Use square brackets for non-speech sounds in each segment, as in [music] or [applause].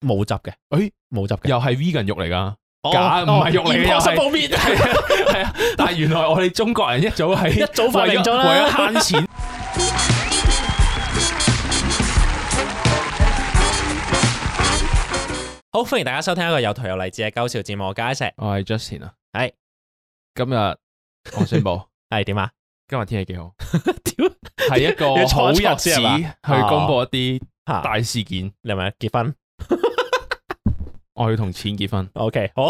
冇汁嘅，誒，冇汁嘅，又係 vegan 肉嚟㗎，假唔係肉嚟嘅，又啊，係啊，但係原來我哋中國人一早係一早為咗為咗慳錢。好，歡迎大家收聽一個有台有勵志嘅鳩笑節目，加一齊。我係 Justin 啊，係，今日我宣布係點啊？今日天氣幾好，係一個好日子去公布一啲大事件，你係咪啊？結婚。我要同錢結婚。OK，好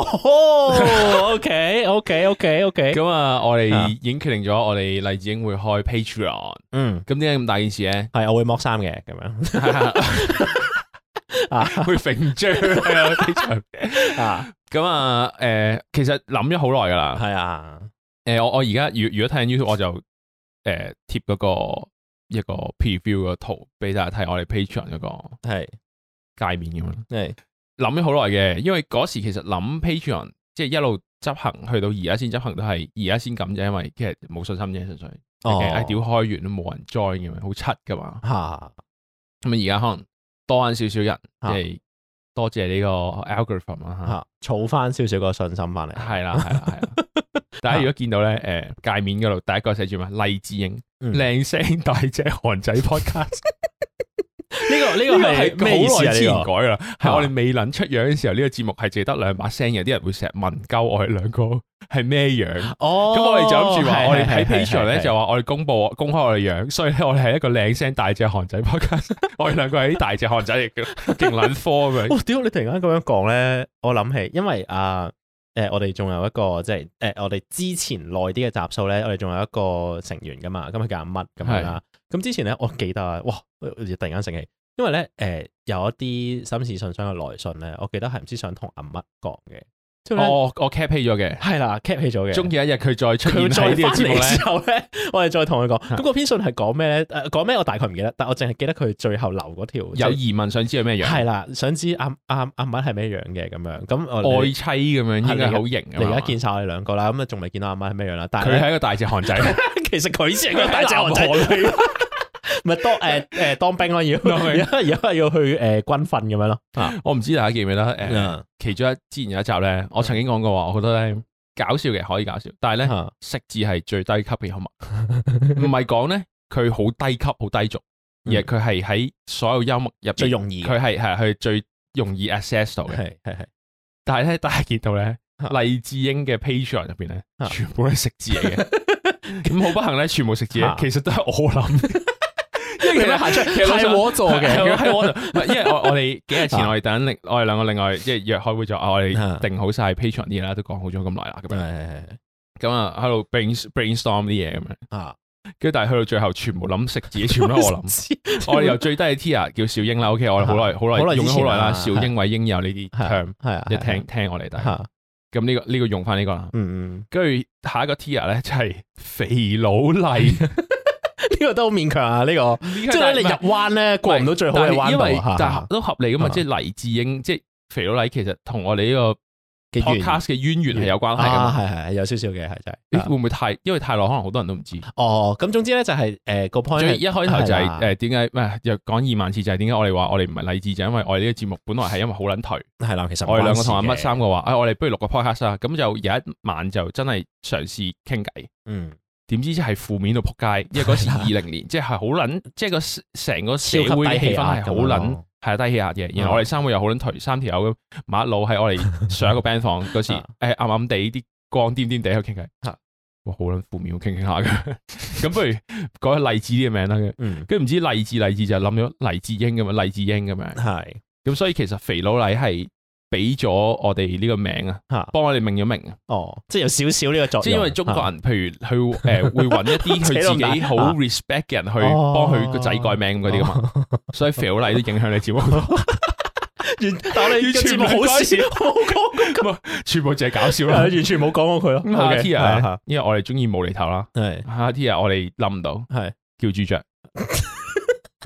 ，OK，OK，OK，OK。咁啊，我哋已經決定咗，我哋麗子英會開 Patreon。嗯，咁點解咁大件事咧？係我會剝衫嘅，咁樣，啊會縫章啊，幾長嘅啊。咁啊，誒，其實諗咗好耐噶啦。係啊，誒、啊，我我而家如如果睇緊 YouTube，我就誒貼嗰個一個 preview 嘅圖俾大家睇我哋 Patreon 嗰個係界面咁樣。係。諗咗好耐嘅，因為嗰時其實諗 Patreon，即係一路執行去到執行而家先執行，都係而家先咁，啫，因為其實冇信心啫，純粹哦，屌開完都冇人 join 嘅好七噶嘛吓，咁啊而家可能多翻少少人，即係、啊、多謝呢個 algorithm 啊，吓、啊，儲翻少少個信心翻嚟，係啦係啦係啦， [laughs] 大家如果見到咧，誒、呃、界面嗰度第一個寫住咩？黎智英靚聲、嗯、大隻韓仔 podcast。 [laughs] 呢、這個呢、這個係好耐之前改啦，係、啊、我哋未撚出樣嘅時候，呢、這個節目係淨係得兩把聲嘅，啲人會成日問鳩我哋兩個係咩樣。哦，咁我哋就諗住話，我哋喺 Patreon 咧就話我哋公布公開我哋樣，所以咧我哋係一個靚聲大隻韓仔波巾， [laughs] [laughs] 我哋兩個係啲大隻韓仔嚟嘅，勁撚 [laughs] 科咁樣。我屌、哦、你突然間咁樣講咧，我諗起因為啊。呃誒、呃，我哋仲有一個即係誒、呃，我哋之前耐啲嘅集數咧，我哋仲有一個成員噶嘛，咁係叫阿乜咁樣啦。咁是之前咧，我記得哇，突然間醒起，因為咧誒、呃、有一啲心事信箱嘅來信咧，我記得係唔知想同阿乜講嘅。我、oh, 我 cap 起咗嘅，係啦 cap 咗嘅。終於一日佢再出現翻嚟之後咧， [laughs] 我哋再同佢講。咁、那個篇信係講咩咧？誒，講咩我大概唔記得，但我淨係記得佢最後留嗰條。有疑問想知係咩樣？係啦，想知阿阿阿文係咩樣嘅咁樣。咁愛妻咁樣應該，依家好型。而家見晒我哋兩個啦，咁啊仲未見到，到阿文係咩樣啦？但佢係一個大隻漢仔， [laughs] 其實佢先係個大隻漢仔。 [laughs] [laughs] 咪當誒誒當兵咯，要而家而家要去誒軍訓咁樣咯。我唔知大家記唔記得。誒，其中一之前有一集咧，我曾經講過話，我覺得咧搞笑嘅可以搞笑，但係咧食字係最低級嘅幽默，唔係講咧佢好低級好低俗，而係佢係喺所有幽默入邊，佢係係去最容易 access 到嘅。係係。但係咧，大家見到咧，黎智英嘅 Patreon 入邊咧，全部都係食字嚟嘅。咁好不幸咧，全部食字其實都係我諗。其實，係我做嘅，係我因為我我哋幾日前我哋等緊，我哋兩個另外即係約開會咗，我哋定好晒 Patreon 啲嘢啦，都講好咗咁耐啦，咁樣。咁啊喺度 brainstorm 啲嘢咁樣啊。跟住但係去到最後，全部諗食自己，全部都我諗。我哋由最低嘅 tier 叫小英啦，OK，我哋好耐好耐用咗好耐啦，小英為英有呢啲 term 係啊，一聽聽我哋。咁呢個呢個用翻呢個，嗯嗯。跟住下一個 tier 咧就係肥佬麗。呢個都好勉強啊！呢個即係你入彎咧過唔到最好嘅彎道吓，都合理噶嘛。即係黎智英，即係肥佬黎，其實同我哋呢個 podcast 嘅淵源係有關係啊。係係有少少嘅係就係。會唔會太？因為太耐，可能好多人都唔知。哦，咁總之咧就係誒個 point，最一開頭就係誒點解咪又講二萬次，就係點解我哋話我哋唔係勵志，就因為我哋呢個節目本來係因為好撚頹係啦，其實我哋兩個同阿乜三個話啊，我哋不如錄個 podcast 啊，咁就有一晚就真係嘗試傾偈。嗯。點知即係負面到撲街，因為嗰時二零年，即係好捻，即係個成個社會氣氛係好捻，係 [laughs] 低氣壓嘅。然後我哋三,三個又好捻頹，三條友咁，馬一路喺我哋上一個 band [laughs] 房嗰時，誒、 [laughs] 欸、暗暗地啲光亮亮亮亮亮亮亮亮，點點地喺度傾偈，哇好捻負面，傾傾下嘅。咁不如講下勵志啲嘅名啦，跟住唔知勵志勵志就諗咗黎智英咁啊，黎智英咁樣，係 [laughs] 是，咁所以其實肥佬黎係。俾咗我哋呢個名啊，幫我哋命咗名啊，哦，即係有少少呢個作用。即係因為中國人，譬如佢誒會揾一啲佢自己好 respect 嘅人去幫佢個仔改名咁嗰啲嘛，所以 f i l l 都影響你節目。但我哋完全唔好笑，好講咁啊！全部淨係搞笑啦，完全冇講過佢咯。阿 t i 因為我哋中意無厘頭啦，係阿 t 我哋諗唔到，係叫豬腳。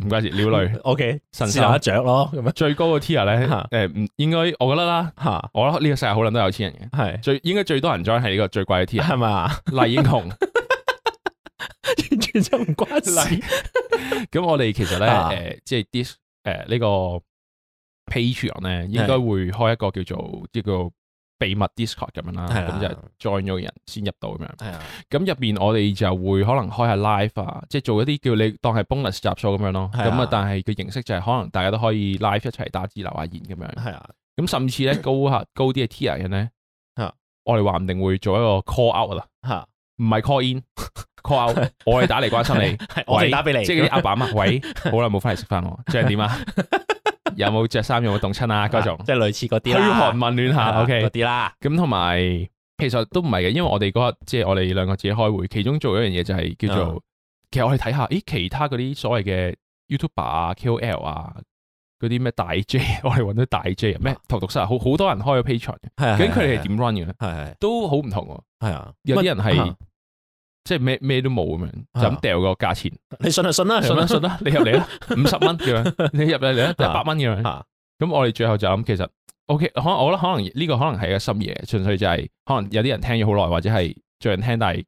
唔關事，鳥類，O K，神獸一雀咯，咁啊，最高嘅 tier 咧，誒，唔應該，我覺得啦，嚇，我覺得呢個世界好撚都有錢人嘅，係最應該最多人 join 係呢個最貴嘅 tier，係咪？麗英雄，完全就唔關事。咁我哋其實咧，誒，即係啲誒呢個 patron 咧，應該會開一個叫做即叫。秘密 Discord 咁樣啦，咁就 join 咗嘅人先入到咁樣。咁入邊我哋就會可能開下 live 啊，即係做一啲叫你當係 bonus 集數咁樣咯。咁啊，但係個形式就係可能大家都可以 live 一齊打字留下言咁樣。咁甚至咧，高下高啲嘅 tier 嘅咧，我哋話唔定會做一個 call out 啦。唔係 call in，call out，我哋打嚟關心你，我哋打俾你，即係啲阿爸阿媽。喂，好耐冇翻嚟食飯喎，即係點啊？ [laughs] 有冇着衫有冇凍親啊？嗰種即係 [laughs] 類似嗰啲噓寒問暖下，OK 嗰啲啦。咁同埋其實都唔係嘅，因為我哋嗰日即係我哋兩個自己開會，其中做一樣嘢就係叫做，嗯、其實我哋睇下，咦其他嗰啲所謂嘅 YouTuber 啊、KOL 啊，嗰啲咩大 J，我哋揾到啲大 J 啊，咩投毒室啊，好好多人開咗 Patreon，、嗯、究竟佢哋係點 run 嘅咧？係係、嗯嗯嗯、都好唔同，係啊，嗯嗯、有啲人係。嗯即係咩咩都冇咁的樣，就咁掉個價錢，你信就信啦，信啦信啦，你入嚟啦，五十蚊咁樣，你入嚟一百蚊咁樣。咁的我哋最後就諗，其實 O、OK, K，可能我覺得可能呢個可能係一個心嘢，純粹就係可能有啲人聽咗好耐，或者係最近聽但，但係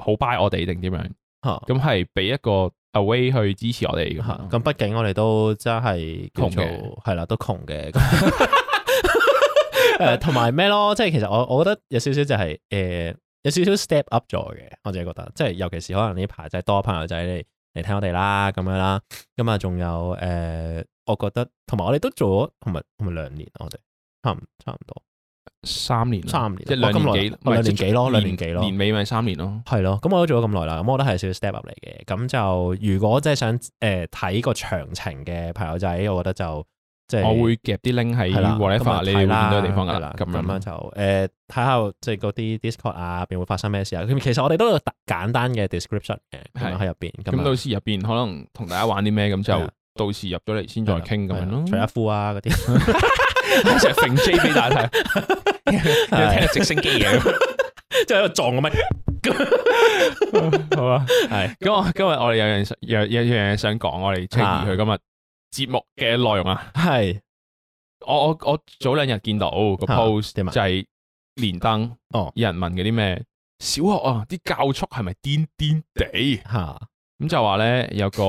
好 buy 我哋定點樣？咁係俾一個 away 去支持我哋。咁畢竟我哋都真係窮嘅，係啦的，都窮嘅。誒，同埋咩咯？即係其實我我覺得有少少就係、是、誒。呃有少少 step up 咗嘅，我自己覺得，即係尤其是可能呢排即係多朋友仔嚟嚟聽我哋啦，咁樣啦，咁啊仲有誒、呃，我覺得同埋我哋都做咗同埋同埋兩年，我哋差唔差唔多三年，三年即係兩年幾，兩年幾咯，兩年幾咯，年尾咪三年咯，係咯，咁我都做咗咁耐啦，咁我覺得係少少 step up 嚟嘅，咁就如果即係想誒睇、呃、個詳情嘅朋友仔，我覺得就。即係我會夾啲 link 喺 WhatsApp 你會見到地方噶啦。咁樣就誒睇下，即係嗰啲 Discord 啊，入邊會發生咩事啊？咁其實我哋都有特簡單嘅 description 嘅，喺入邊。咁到時入邊可能同大家玩啲咩？咁就到時入咗嚟先再傾咁樣咯。除一副啊嗰啲成日揈 J 俾大家，睇直升機嘢，即係喺度撞咁乜？好啊，係。咁我今日我哋有樣有有樣嘢想講，我哋請佢今日。節目嘅內容啊，係是我我我早兩日見到個 post 就係連登哦，有人問嗰啲咩小學啊啲教速係咪癲癲地吓，咁哈就話咧有個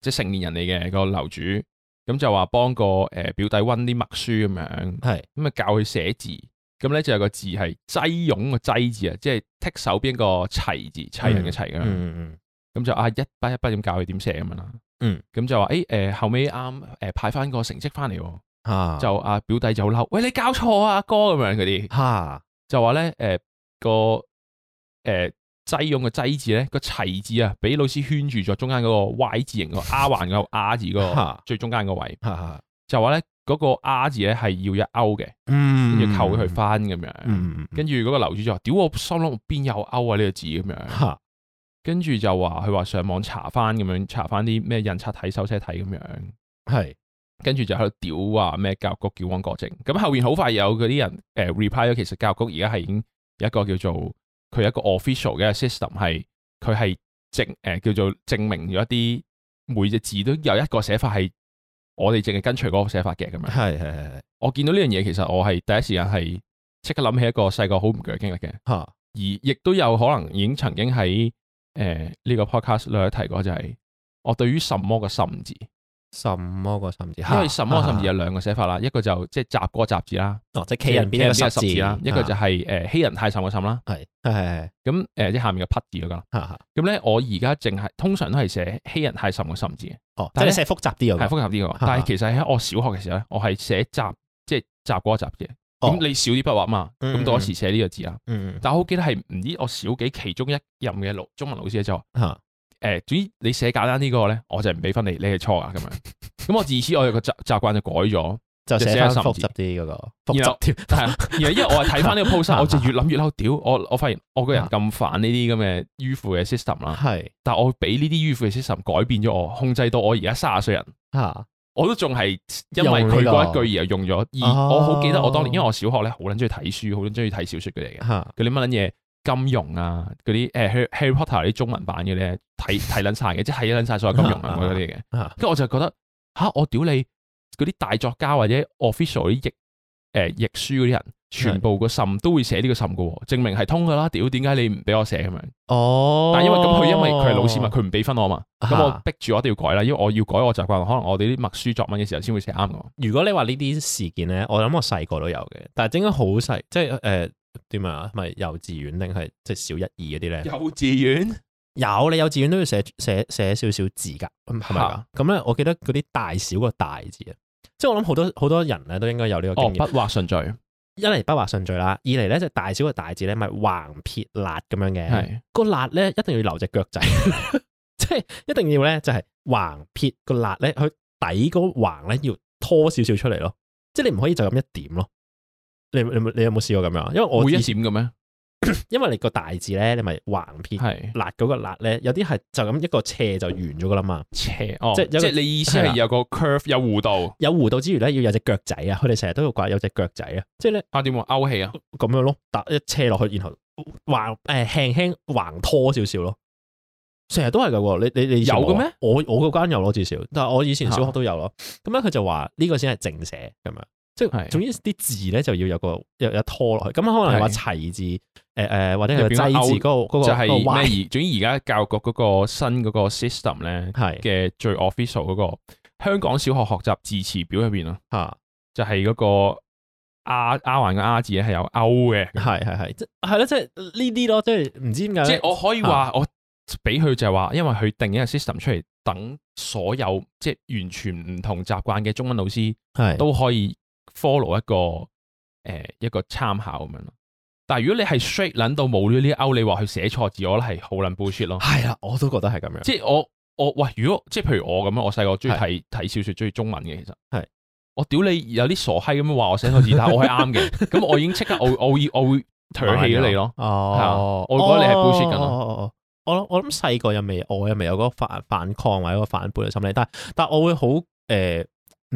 即係、就是、成年人嚟嘅、個樓主，咁就話幫個誒表弟温啲默書咁樣，係咁啊教佢寫字，咁咧就有個字係擠擁個擠字啊，即係剔手邊個齊字齊人嘅齊噶啦，咁、嗯嗯嗯嗯、就啊一筆一筆咁教佢點寫咁樣啦。嗯，咁就話誒，誒、欸呃、後尾啱誒派翻個成績翻嚟，啊、就阿表弟就好嬲，喂你搞錯啊哥咁樣嗰啲，就話咧誒個誒擠用嘅擠字咧個齊字啊，俾老師圈住咗中間嗰個 Y 字型 [laughs] 個 R 環、啊啊個 R 字個最中間個位，就話咧嗰個 R 字咧係要一勾嘅、嗯嗯，跟住扣佢翻咁樣，跟住嗰個樓主就話，屌我心諗邊有勾啊呢個字咁樣。嗯嗯嗯嗯嗯跟住就話佢話上網查翻咁樣，查翻啲咩印刷體、手寫體咁樣。係是，跟住就喺度屌話咩教育局叫王國正。咁後邊好快有嗰啲人誒、呃、reply 咗，其實教育局而家係已經有一個叫做佢有一個 official 嘅 system，係佢係證誒叫做證明咗一啲每隻字都有一個寫法，係我哋淨係跟隨嗰個寫法嘅咁樣。係係係，我見到呢樣嘢，其實我係第一時間係即刻諗起一個細個好唔伏嘅經歷嘅吓，是是而亦都有可能已經曾經喺。誒，呢、呃這個 podcast 略略提過，就係我對於什麼個“甚”字，什麼個“甚”字，因為什麼甚字有兩個寫法啦，哈一個就即係雜果雜字啦，哦，即係企人邊個十字啦，字一個就係誒欺人太甚個甚啦，係係係，咁誒、啊呃，即下面嘅匹字嗰個，咁咧哈我而家淨係通常都係寫欺人太甚個甚字嘅，哦，但呢即係你寫複雜啲嘅、那個，係複雜啲嘅，但係其實喺我小學嘅時候咧，我係寫、就是、雜即係雜果雜嘅。咁你少啲筆畫嘛？咁到一時寫呢個字啦。但係我記得係唔知我少幾其中一任嘅老中文老師就話：，誒，總之你寫簡單啲嗰個咧，我就唔俾分你，你係錯啊咁樣。咁我自此我個習習慣就改咗，就寫翻複雜啲個，複雜啲係而係因為我睇翻呢個 post，我就越諗越嬲。屌我我發現我個人咁煩呢啲咁嘅迂腐嘅 system 啦。係，但係我俾呢啲迂腐嘅 system 改變咗我，控制到我而家卅歲人啊。我都仲係因為佢嗰一句而又用咗，而我好記得我當年，哦、因為我小學咧好捻中意睇書，好捻中意睇小說佢嚟嘅，嗰啲乜捻嘢金庸啊，嗰啲誒《Harry Potter》啲中文版嘅咧睇睇捻晒嘅， [laughs] 即係一捻晒所有金庸啊嗰啲嘅，跟住我就覺得吓、啊、我屌你嗰啲大作家或者 official 啲譯誒譯書嗰啲人。全部個甚都會寫呢個甚嘅，證明係通嘅啦。屌，點解你唔俾我寫咁樣？哦，但因為咁佢因為佢係老師嘛，佢唔俾分我嘛，咁、啊、我逼住我一定要改啦。因為我要改我就習慣，可能我哋啲默書作文嘅時候先會寫啱我。如果你話呢啲事件咧，我諗我細個都有嘅，但係應該好細，即係誒點啊？咪幼稚園定係即係小一二嗰啲咧？幼稚園，幼稚園 [laughs] 有你幼稚園都要寫寫寫少少字噶，係咪啊？咁咧，我記得嗰啲大小個大字啊，即係我諗好多好多人咧都應該有呢個經驗，哦、筆畫順序。一嚟筆畫順序啦，二嚟咧就大小嘅大字咧咪橫撇捺咁樣嘅，個是捺咧一定要留隻腳仔，即係 [laughs] [laughs] 一定要咧就係橫撇個捺咧，佢底個橫咧要拖少少出嚟咯，即係你唔可以就咁一點咯，你你你有冇試過咁樣啊？因為我會一點嘅咩？.因為你個大字咧，你咪橫撇，係捺嗰個捺咧，有啲係就咁一個斜就圓咗噶啦嘛，斜，哦、即係即係你意思係有個 curve 有弧度的，有弧度之餘咧，要有隻腳仔，隻腳仔呢啊，佢哋成日都要掛有隻腳仔啊，即係咧，啊點話勾起啊，咁樣咯，搭一斜落去，然後橫，誒、呃、輕輕橫拖少少咯，成日都係噶喎，你你你有嘅咩？我我個間有咯，至少，但係我以前小學都有咯，咁咧佢就話呢、這個先係正寫，係咪？即總之啲字咧就要有個一有，有拖落去，咁可能話齊字，誒誒是、呃，或者、呃那個擠字嗰個就係咩？ [laughs] 總之而家教育局嗰個新嗰個 system 咧，係嘅是最 official 嗰、那個香港小學學習是字詞表入邊咯，吓、就是，就係嗰個 r，r 環個 r 字係有勾嘅，係係係，即係咧，即係呢啲咯，即係唔知點解。即係我可以話是我俾佢就係話，因為佢定一個 system 出嚟，等所有即係、就是、完全唔同習慣嘅中文老師係都可以。follow 一個誒、欸、一個參考咁樣咯，但係如果你係 script 諗到冇呢啲勾，你話佢寫錯字，我覺得係好撚 bullshit 咯。係啊，我都覺得係咁樣。即係我我喂，如果即係譬如我咁樣，我細個中意睇睇小説，中意是中文嘅其實係是我屌你有啲傻閪咁樣話我寫錯字，但 [laughs] 我係啱嘅。咁我已經即刻我我我，我會唾棄咗你咯。哦、啊，我覺得你係 bullshit 緊咯。我我諗細個又未，我又未有個反反抗或者個反叛嘅心理，但係但係我會好誒。呃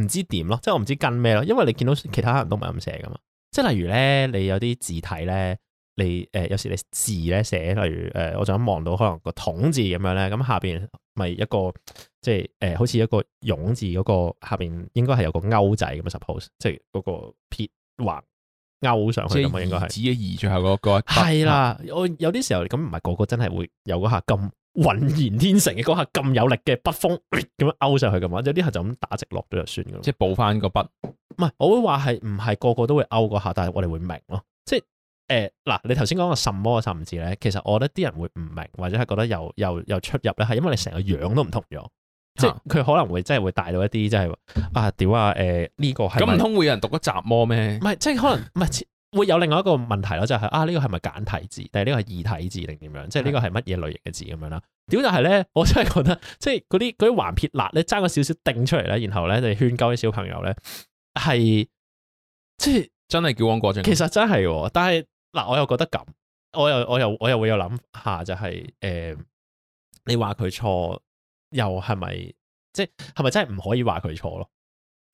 唔知點咯，即係我唔知跟咩咯，因為你見到其他人都唔係咁寫㗎嘛。即係例如咧，你有啲字體咧，你誒、呃、有時你字咧寫，例如誒、呃，我就咁望到可能個桶字咁樣咧，咁、嗯、下邊咪一個即係誒、呃，好似一個湧字嗰、那個下邊應該係有個勾仔咁樣，suppose 即係嗰個撇橫勾上去咁啊，應該係。指嘅二最後嗰個係、嗯、啦，我有啲時候咁唔係個個真係會有嗰下咁。渾然天成嘅嗰下咁有力嘅筆鋒咁樣勾上去嘅嘛，有啲係就咁打直落咗就算嘅，即係補翻個筆。唔係，我會話係唔係個個都會勾嗰下，但係我哋會明咯。即係誒，嗱、呃，你頭先講個什麼甚至咧，其實我覺得啲人會唔明，或者係覺得又又又出入咧，係因為你成個樣都唔同咗，啊、即係佢可能會真係會帶到一啲即係啊，屌啊，誒、呃、呢、這個係咁，唔通會有人讀得雜魔咩？唔係，即係可能唔係。 [laughs] 會有另外一個問題咯，就係、是、啊呢個係咪簡體字？但係呢個係異體字定點樣？即係呢個係乜嘢類型嘅字咁樣啦？屌就係咧，我真係覺得，即係嗰啲嗰啲橫撇捺咧，爭個少少定出嚟咧，然後咧你勸教啲小朋友咧，係即係真係叫矯枉過正。其實真係，但係嗱，我又覺得咁，我又我又我又會有諗下、就是呃是是，就係、是、誒，你話佢錯，又係咪即係係咪真係唔可以話佢錯咯？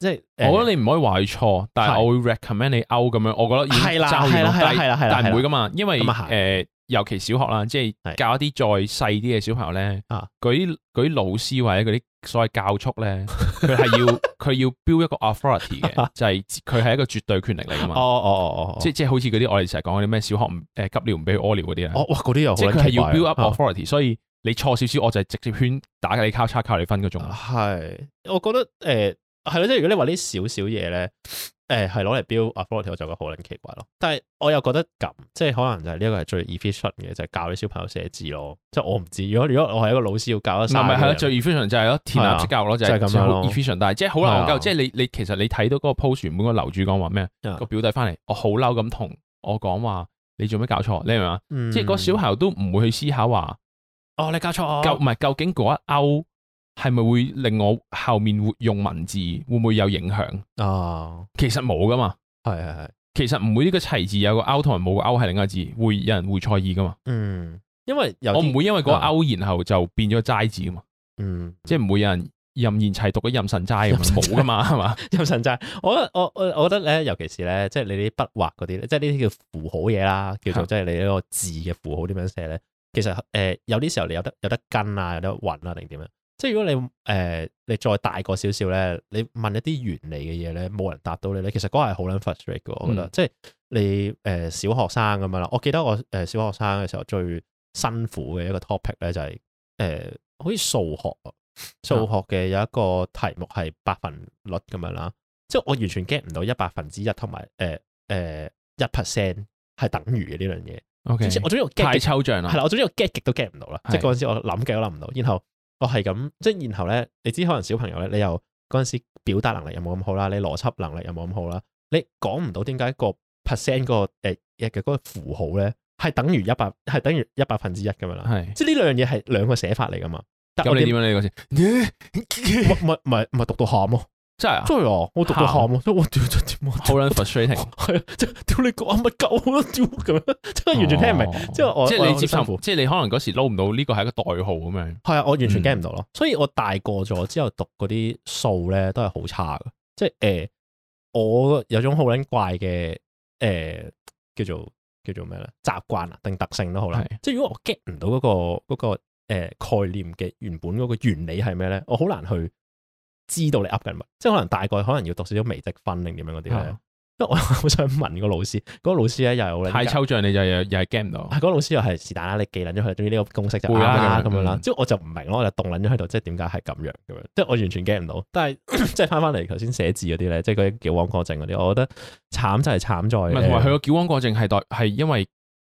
即係，我覺得你唔可以話佢錯，但係我會 recommend 你勾。u 咁樣。我覺得係啦，係啦，係啦，係啦。但係唔會噶嘛。因為誒，尤其小學啦，即係教一啲再細啲嘅小朋友咧，嗰啲老師或者嗰啲所謂教速咧，佢係要佢要 build 一個 authority 嘅，就係佢係一個絕對權力嚟嘅嘛。哦哦哦，即即係好似嗰啲我哋成日講嗰啲咩小學誒急尿唔俾屙尿嗰啲咧。哦哇，嗰啲又即係要 build up authority，所以你錯少少，我就係直接圈打你交叉扣你分嗰種。係，我覺得誒。係咯，即係如果你話呢少少嘢咧，誒係攞嚟標 authority 我就覺得好撚奇怪咯。但係我又覺得咁，即係可能就係呢個係最 efficient 嘅，就係、是、教啲小朋友寫字咯。即係我唔知，如果如果我係一個老師要教得，唔係唔係，係最 efficient 的就係的咯，填鴨式教育咯，就係咁樣。efficient，但係即係好難教。的即係你你其實你睇到嗰個 post，原本個樓主講話咩？的個表弟翻嚟，我好嬲咁同我講話，你做咩教錯？你明唔明？嗯、即係個小孩都唔會去思考話，哦你教錯，夠唔係？究竟嗰一勾？係咪會令我後面用文字會唔會有影響啊？哦、其實冇噶嘛，係係係，其實唔會，呢個齊字有個勾同埋冇個勾係另一個字，會有人會錯意噶嘛。嗯，因為我唔會因為嗰個勾然後就變咗齋字噶嘛。嗯，即係唔會有人任賢齊讀嘅「任神齋」咁，冇噶嘛，係嘛，任神齋。我我我，我覺得咧，尤其是咧，即係你啲筆畫嗰啲咧，即係呢啲叫符號嘢啦，叫做即係你一個字嘅符號點樣寫咧。其實誒、呃，有啲時候你有得有得，有得跟啊，有得混啊，定點樣？即係如果你誒、呃、你再大個少少咧，你問一啲原理嘅嘢咧，冇人答到你咧，其實嗰個係好捻 frustrate 嘅。我覺得、嗯、即係你誒、呃、小學生咁樣啦。我記得我誒小學生嘅時候最辛苦嘅一個 topic 咧就係誒好似數學啊，數學嘅有一個題目係百分率咁樣啦，即係、啊、我完全 get 唔到一百分之一同埋誒誒一 percent 係等於呢樣嘢。嗯、o okay , K，我總之 get 太抽象啦，係啦，我總之我 get 極都 get 唔到啦，的即係嗰陣時我諗極都諗唔到，然後。我係咁，即係然後咧，你知可能小朋友咧，你又嗰陣時表達能力又冇咁好啦，你邏輯能力又冇咁好啦，你講唔到點解個 percent 個誒嘅嗰個符號咧係等於一百係等於一百分之一咁樣啦。係是，即係呢兩樣嘢係兩個寫法嚟噶嘛。答你點樣你嗰次？唔係唔係唔係讀到喊喎、啊？真係邊 [laughs] 啊！對啊，我讀到喊所以我屌咗點啊！好撚 frustrating，係啊，即係屌你講乜鳩咯，屌咁樣，真係完全聽唔明、哦。即係我即係你，即係你可能嗰時撈唔到呢個係一個代號咁樣。係啊，我完全 get 唔到咯。嗯、所以我大個咗之後讀嗰啲數咧都係好差嘅。即係誒，我有種好撚怪嘅誒、呃，叫做叫做咩咧？習慣啊定特性都好啦！是即係如果我 get 唔到嗰、嗰個、嗰個誒、呃、概念嘅原本嗰個原理係咩咧？我好難去。知道你 up 緊，即係可能大概可能要讀少少微積分定點樣嗰啲咧。啊、因為我好想問個老師，嗰個老師咧又太抽象，你就又又係 get 唔到。嗰個老師又係是但啦，你記捻咗佢，總之呢個公式就啱啦咁樣啦。嗯、即係我就唔明咯，我就動捻咗喺度，即係點解係咁樣咁樣？即係我完全 get 唔到。但係、嗯、即係翻翻嚟頭先寫字嗰啲咧，即係嗰啲矯枉過正嗰啲，我覺得慘就係慘在唔係同埋佢個矯枉過正係代係因為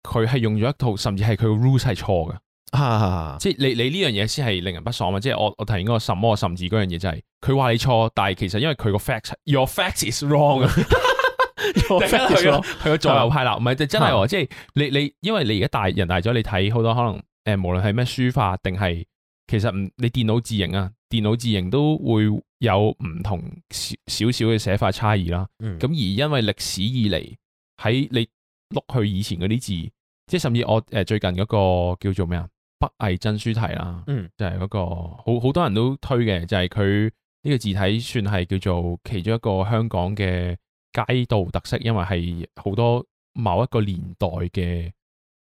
佢係用咗一套，甚至係佢個 rules 係錯嘅。啊，即係你你呢樣嘢先係令人不爽啊！即係我我提嗰個什麼甚至嗰樣嘢就係佢話你錯，但係其實因為佢個 fact，your [laughs] fact is wrong，錯咗，係個左右派啦，唔係、 [laughs] 即係、真係，的即係你你因為你而家大人大咗，你睇好多可能誒、呃，無論係咩書法定係其實唔你電腦字形啊，電腦字形都會有唔同少少嘅寫法差異啦。咁、嗯、而因為歷史以嚟喺你碌去以前嗰啲字，即係甚至我誒最近嗰個叫做咩啊？北魏真書體啦，嗯、就係嗰、嗰個好好多人都推嘅，就係佢呢個字體算係叫做其中一個香港嘅街道特色，因為係好多某一個年代嘅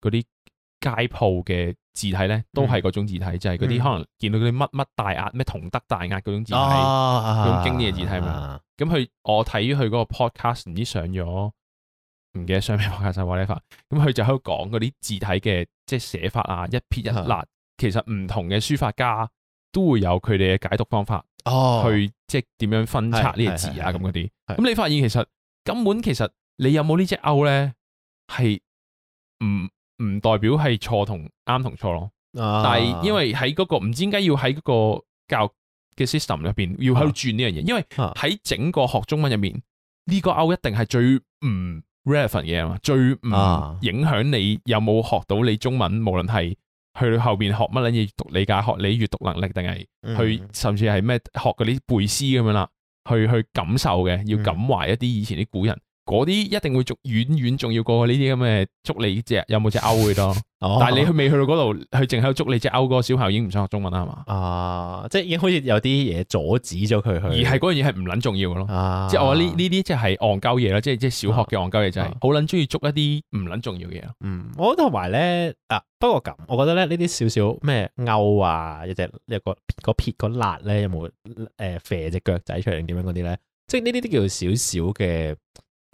嗰啲街鋪嘅字體咧，都係嗰種字體，嗯、就係嗰啲可能見到嗰啲乜乜大押咩同德大押嗰種字體，好、啊、經典嘅字體嘛、就係。咁佢、啊、我睇佢嗰個 podcast 唔知上咗，唔記得上咩 podcast 話呢份，咁佢就喺度講嗰啲字體嘅。即係寫法啊，一撇一捺，是其實唔同嘅書法家都會有佢哋嘅解讀方法，哦，去即係點樣分拆呢個字啊咁嗰啲。咁你發現其實根本其實你有冇呢隻勾咧，係唔唔代表係錯，同啱同錯咯。啊、但係因為喺嗰、嗰個唔知點解要喺個教育嘅 system 裏邊要喺度轉呢樣嘢，啊、因為喺整個學中文入面，呢、呢個勾一定係最唔。relevant 嘢啊嘛，最唔影響你有冇學到你中文，啊、無論係去後邊學乜撚嘢閱讀理解，學你閱讀能力，定係去甚至係咩學嗰啲背詩咁樣啦，去去感受嘅，要感懷一啲以前啲古人。嗰啲一定會捉遠遠，重要過呢啲咁嘅捉你隻，有冇隻歐會多？但係你去未去到嗰度，佢淨係捉你隻歐哥，小學已經唔想學中文啦嘛？啊，即係已經好似有啲嘢阻止咗佢去，而係嗰樣嘢係唔撚重要嘅咯。即係我話呢呢啲即係戇鳩嘢咯，即係即係小學嘅戇鳩嘢就係好撚中意捉一啲唔撚重要嘅嘢。嗯，我覺得同埋咧啊，不過咁，我覺得咧呢啲少少咩歐啊，一只一個個撇個辣咧，有冇誒肥隻腳仔出嚟點樣嗰啲咧？即係呢啲都叫少少嘅。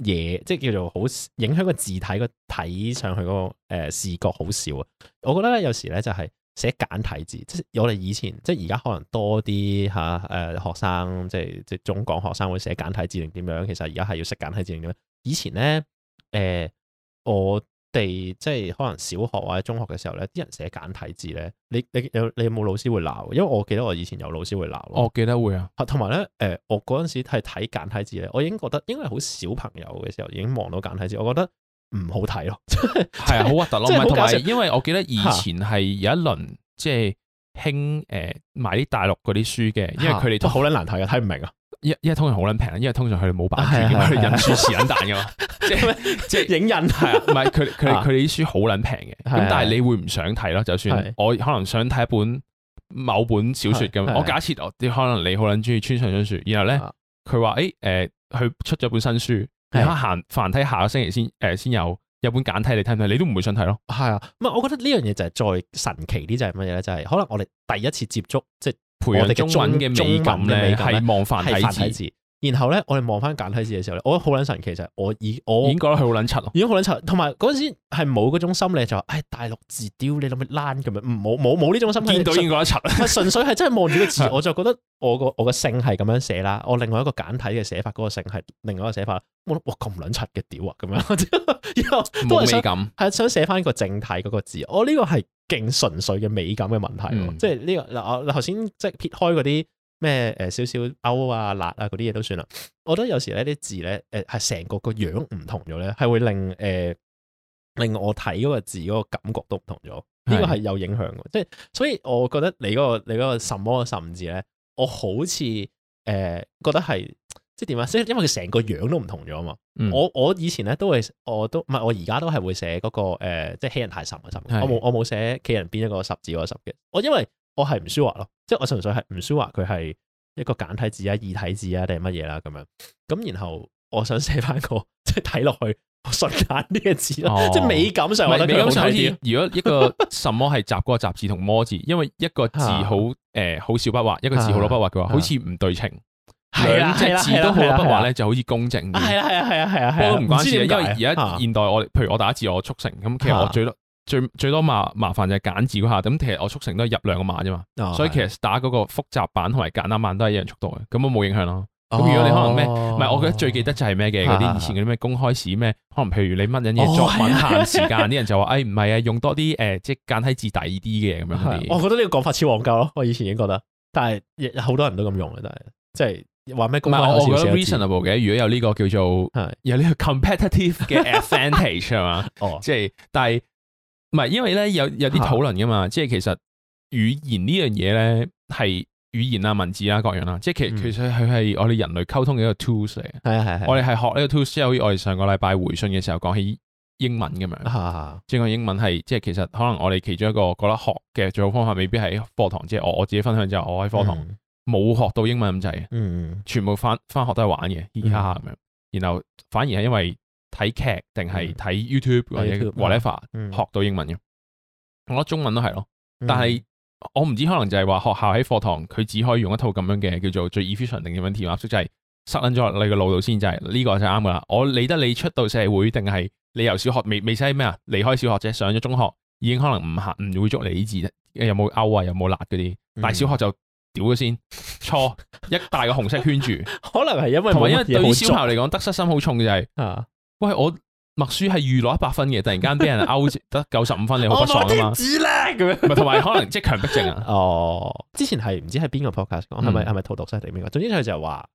嘢即係叫做好影響個字體個睇上去個誒、呃、視覺好少啊！我覺得咧有時咧就係、是、寫簡體字，即係我哋以前即係而家可能多啲吓誒學生，即係即係總講學生會寫簡體字定點樣？其實而家係要識簡體字定點樣？以前咧誒、呃、我。哋即係可能小學或者中學嘅時候咧，啲人寫簡體字咧，你你，你有你有冇老師會鬧？因為我記得我以前有老師會鬧。我記得會啊，同埋咧，誒，我嗰陣時係睇簡體字咧，我已經覺得，因為好小朋友嘅時候已經望到簡體字，我覺得唔好睇咯，係 [laughs] 的啊，好核突咯，唔係，同埋，有 [laughs] 因為我記得以前係有一輪即係興誒買啲大陸嗰啲書嘅， [laughs] 因為佢哋都好撚難睇嘅，睇唔明啊。一因為通常好撚平，因為通常佢冇版權，佢印書遲撚彈噶嘛，即係即係影印。係啊，唔係佢佢佢啲書好撚平嘅。咁但係你會唔想睇咯？就算我可能想睇一本某本小説咁，我假設我可能你好撚中意村上春樹，然後咧佢話誒誒，佢出咗本新書，可能繁繁體下個星期先誒先有有本簡體，你睇唔睇？你都唔會想睇咯。係啊，唔係我覺得呢樣嘢就係再神奇啲就係乜嘢咧？就係可能我哋第一次接觸即係。培養的中文嘅美感咧，係望繁體字。然後咧，我哋望翻簡體字嘅時候咧，我覺得好捻神，其實我以我已經覺得佢好捻柒咯，已經好捻柒。同埋嗰陣時係冇嗰種心理就係、是，誒、哎、大陸字屌你諗下爛咁樣，冇冇冇呢種心理。見到已經覺得柒、啊，純粹係真係望住個字， [laughs] 的我就覺得我個我個姓係咁樣寫啦。我另外一個簡體嘅寫法，嗰、那個姓係另外一個寫法，我諗哇咁捻柒嘅屌啊咁樣。 [laughs] 然後都係美感。係想，想寫翻個正體嗰個字。我呢個係勁純粹嘅美感嘅問題，即係呢個嗱我頭先即係撇開嗰啲。咩誒少少勾啊、捺啊嗰啲嘢都算啦。我覺得有時咧啲字咧誒係成個個樣唔同咗咧，係會令誒、呃、令我睇嗰個字嗰個感覺都唔同咗。呢個係有影響嘅，即係是的 所以我覺得你嗰、那個你嗰什麼」個甚字咧，我好似誒、呃、覺得係即係點啊？即係因為佢成個樣都唔同咗啊嘛。嗯、我我以前咧都係我都唔係我而家都係會寫嗰、那個誒、呃、即係欺人太甚」個甚是的，我冇我冇寫企人變一個十字個十嘅。我因為我係唔舒服咯，即係我純粹係唔舒服，佢係一個簡體字啊、異體字啊定係乜嘢啦咁樣，咁然後我想寫翻個即係睇落去順眼啲嘅字咯，即係美感上。美感上如果一個什麼係雜個雜字同魔字，因為一個字好誒好少筆畫，一個字好多筆畫嘅話，好似唔對稱。係啦，即係字都好多筆畫咧，就好似公正。係啊係啊係啊係啊，不過都唔關係，因為而家現代我，譬如我打字我速成，咁其實我最多。最最多麻麻煩就係揀字嗰下，咁其實我速成都係入兩個碼啫嘛，所以其實打嗰個複雜版同埋簡單版都係一樣速度嘅，咁我冇影響咯。咁如果你可能咩，唔係，我覺得最記得就係咩嘅嗰啲以前嗰啲咩公開試咩，可能譬如你乜嘢作文限時間，啲人就話，哎唔係啊，用多啲誒即係簡體字抵啲嘅咁樣。啲，我覺得呢個講法似戇鳩咯，我以前已經覺得，但係好多人都咁用嘅。但係即係話咩公開試係 reasonable 嘅，如果有呢個叫做有呢個 competitive 嘅 advantage 係嘛，哦，即係但係。唔係，因為咧有有啲討論噶嘛，是即係其實語言呢樣嘢咧係語言啊、文字啊各樣啦，即係其實、嗯、其實佢係我哋人類溝通嘅一個 tools 嚟嘅，嗯。係係係。我哋係學呢個 tools，即係我哋上個禮拜回信嘅時候講起英文咁樣。啊啊即係英文係，即係其實可能我哋其中一個覺得學嘅最好方法，未必喺課堂。即、就、係、是、我我自己分享就係我喺課堂冇、嗯、學到英文咁滯，嗯全部翻翻學都係玩嘅，依家咁樣。嗯、然後然後反而係因為。睇劇定係睇 YouTube 或者 whatever 學到英文嘅，嗯、我覺得中文都係咯。嗯、但係我唔知，可能就係話學校喺課堂，佢只可以用一套咁樣嘅叫做最 efficient 定點樣填鴨式，就係、是、塞緊咗你個腦度先。就係、是、呢個就啱噶啦。我理得你出到社會定係你由小學未未使咩啊？離開小學啫，上咗中學已經可能唔行，唔會捉你字，有冇勾啊？有冇辣嗰啲？嗯、但係小學就屌咗先，錯 [laughs] 一大個紅色圈住。 [laughs] 可能係因為同埋因為對於小朋友嚟講， [laughs] 得失心好重嘅就係、是、啊。喂，我默書係預攞一百分嘅，突然間俾人勾得九十五分， [laughs] 你好不爽啊嘛！ [laughs] 我冇啲字咧，咁樣咪同埋可能即強迫症啊。哦，之前係唔知係邊個 podcast 講，係咪係咪套讀晒定邊個？總之佢就係話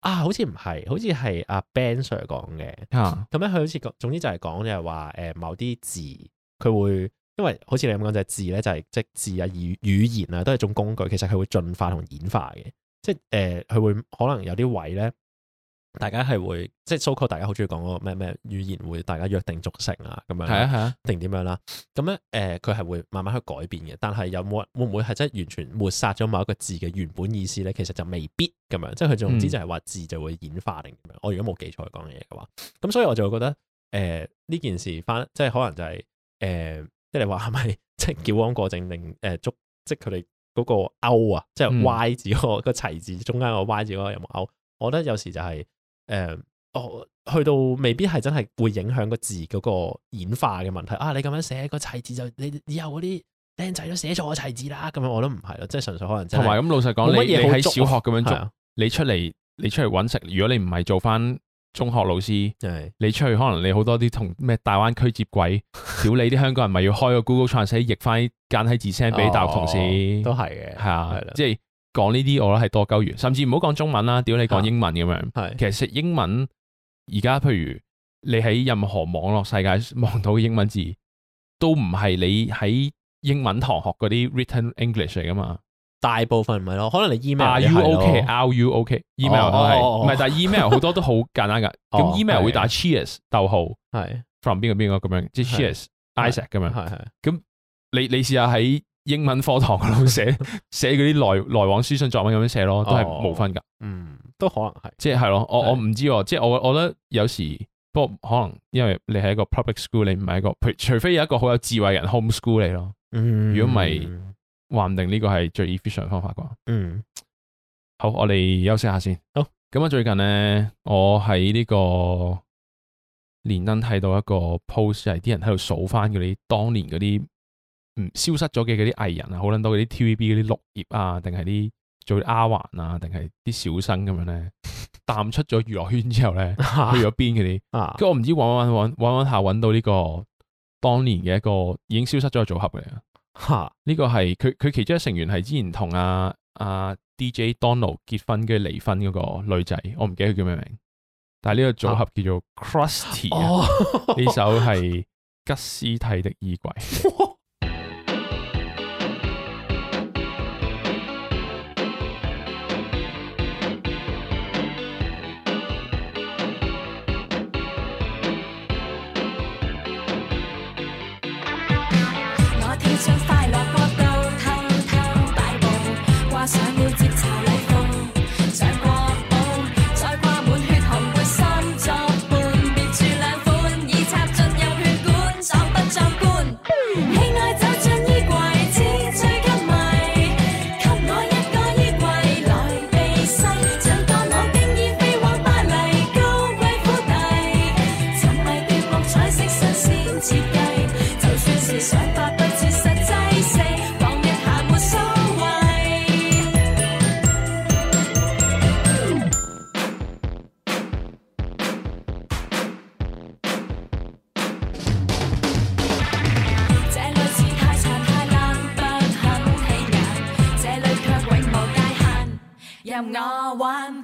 啊，好似唔係，好似係阿 Ben Sir 講嘅。啊，咁樣佢好似講，總之就係講就係話，誒、呃，某啲字佢會，因為好似你咁講就係、字咧，就係即字啊、語語言啊，都係種工具，其實佢會進化同演化嘅，即誒，佢、呃、會可能有啲位咧。大家係會即係 so call，大家好中意講嗰個咩咩語言會大家約定俗成啊咁樣，定點、啊、樣啦、啊？咁咧誒，佢、呃、係會慢慢去改變嘅。但係有冇會唔會係真係完全抹殺咗某一個字嘅原本意思咧？其實就未必咁樣，即係佢總之就係話字就會演化定咁樣。我如果冇記錯佢講嘅嘢嘅話，咁所以我就會覺得誒呢、呃、件事翻即係可能就係、是、誒、呃、即係你話係咪即係矯枉過正定誒捉即係佢哋嗰個勾啊，即係 Y 字嗰、那個齊字中間個 Y 字嗰個有冇勾？我覺得有時就係、是。誒，我去到未必係真係會影響個字嗰個演化嘅問題啊！你咁樣寫個砌字就你以後嗰啲僆仔都寫錯個砌字啦，咁樣我都唔係咯，即係純粹可能真係。同埋咁老實講，你喺小學咁樣做，你出嚟你出嚟搵食，如果你唔係做翻中學老師，你出去可能你好多啲同咩大灣區接軌，屌你啲香港人咪要開個 Google Translate 譯翻啲簡體字 send 俾大陸同事，都係嘅，係啊，即係。講呢啲我覺得係多鳩餘，甚至唔好講中文啦，屌你講英文咁樣。係，其實食英文而家，譬如你喺任何網絡世界望到英文字，都唔係你喺英文堂學嗰啲 written English 嚟噶嘛。大部分唔係咯，可能你 email。Are you OK? Are you OK? email 都係，唔係，但係 email 好多都好簡單噶。咁 email 會打 cheers 逗號，係 from 邊個邊個咁樣，即係 cheers Isaac 咁樣。係係。咁你你試下喺英文課堂度寫寫嗰啲來 [laughs] 來，來往書信作文咁樣寫咯，都係無分噶，哦。嗯，都可能係是。即係咯，我我唔知，即係我我覺得有時，不過可能因為你係一個 public school，你唔係一個，除非有一個好有智慧人 homeschool 你咯。如果唔係，話唔定呢個係最 efficient 方法啩。嗯，好，我哋休息下先。好，咁啊，最近咧，我喺呢個連登睇到一個 post 係，啲人喺度數翻嗰啲當年嗰啲。消失咗嘅嗰啲藝人啊，好捻多嗰啲 TVB 嗰啲綠葉啊，定係啲做啲丫鬟啊，定係啲小生咁樣咧，淡出咗娛樂圈之後咧， [laughs] 去咗邊嗰啲？跟 [laughs] 我唔知揾揾下揾到呢、呢個當年嘅一個已經消失咗嘅組合嚟啊！呢 [laughs] 個係佢佢其中一成員係之前同阿阿 DJ Donald 結婚跟住離婚嗰個女仔，我唔記得佢叫咩名，但係呢個組合叫做 Krusty，呢首係吉絲締的衣櫃。任我玩。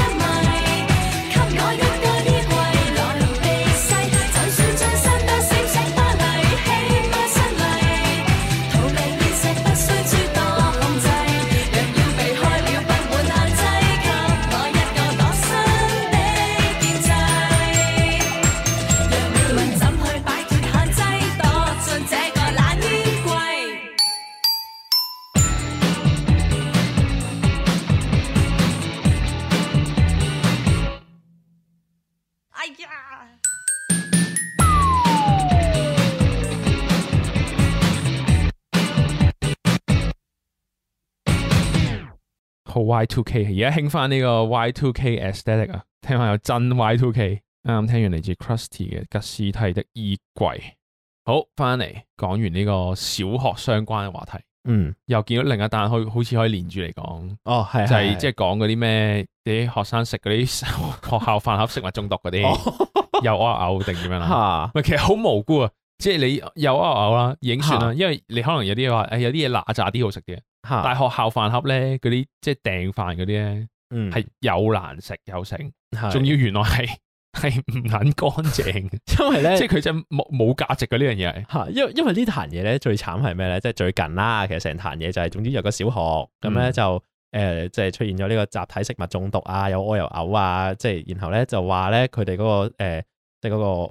好 Y2K，而家興翻呢個 Y2K aesthetic 啊！聽下有真 Y2K 啱啱聽完嚟自 Krusty 嘅《吉絲締的衣櫃》。好，翻嚟講完呢個小學相關嘅話題，嗯，又見到另一單，可好似可以連住嚟講。哦，係啊就係即係講嗰啲咩啲學生食嗰啲學校飯盒食物中毒嗰啲， [laughs] 又屙嘔定點樣啦？唔係、啊，其實好無辜啊！即係你又屙又嘔啦，影算啦，哈因為你可能有啲話，誒、哎、有啲嘢邋遢啲好食啲，但係哈學校飯盒咧，嗰啲即係訂飯嗰啲咧，係又、嗯、難食又剩，仲是要原來係係唔肯乾淨，因為咧即係佢就冇冇價值嘅呢樣嘢，吓，因為因為呢壇嘢咧最慘係咩咧？即係最近啦，其實成壇嘢就係總之有個小學咁咧、嗯、就誒即係出現咗呢個集體食物中毒啊，有屙又嘔啊，即、就、係、是、然後咧就話咧佢哋嗰個誒即係嗰個飯、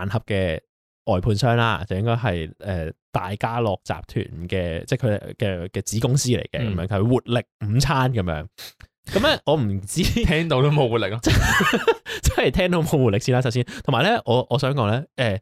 呃就是、盒嘅。外判商啦，就應該係誒大家樂集團嘅，即係佢嘅嘅子公司嚟嘅，咁樣佢活力午餐咁樣。咁咧，我唔知聽到都冇活力，即係 [laughs] 聽到冇活力先啦。首先，同埋咧，我我想講咧，誒，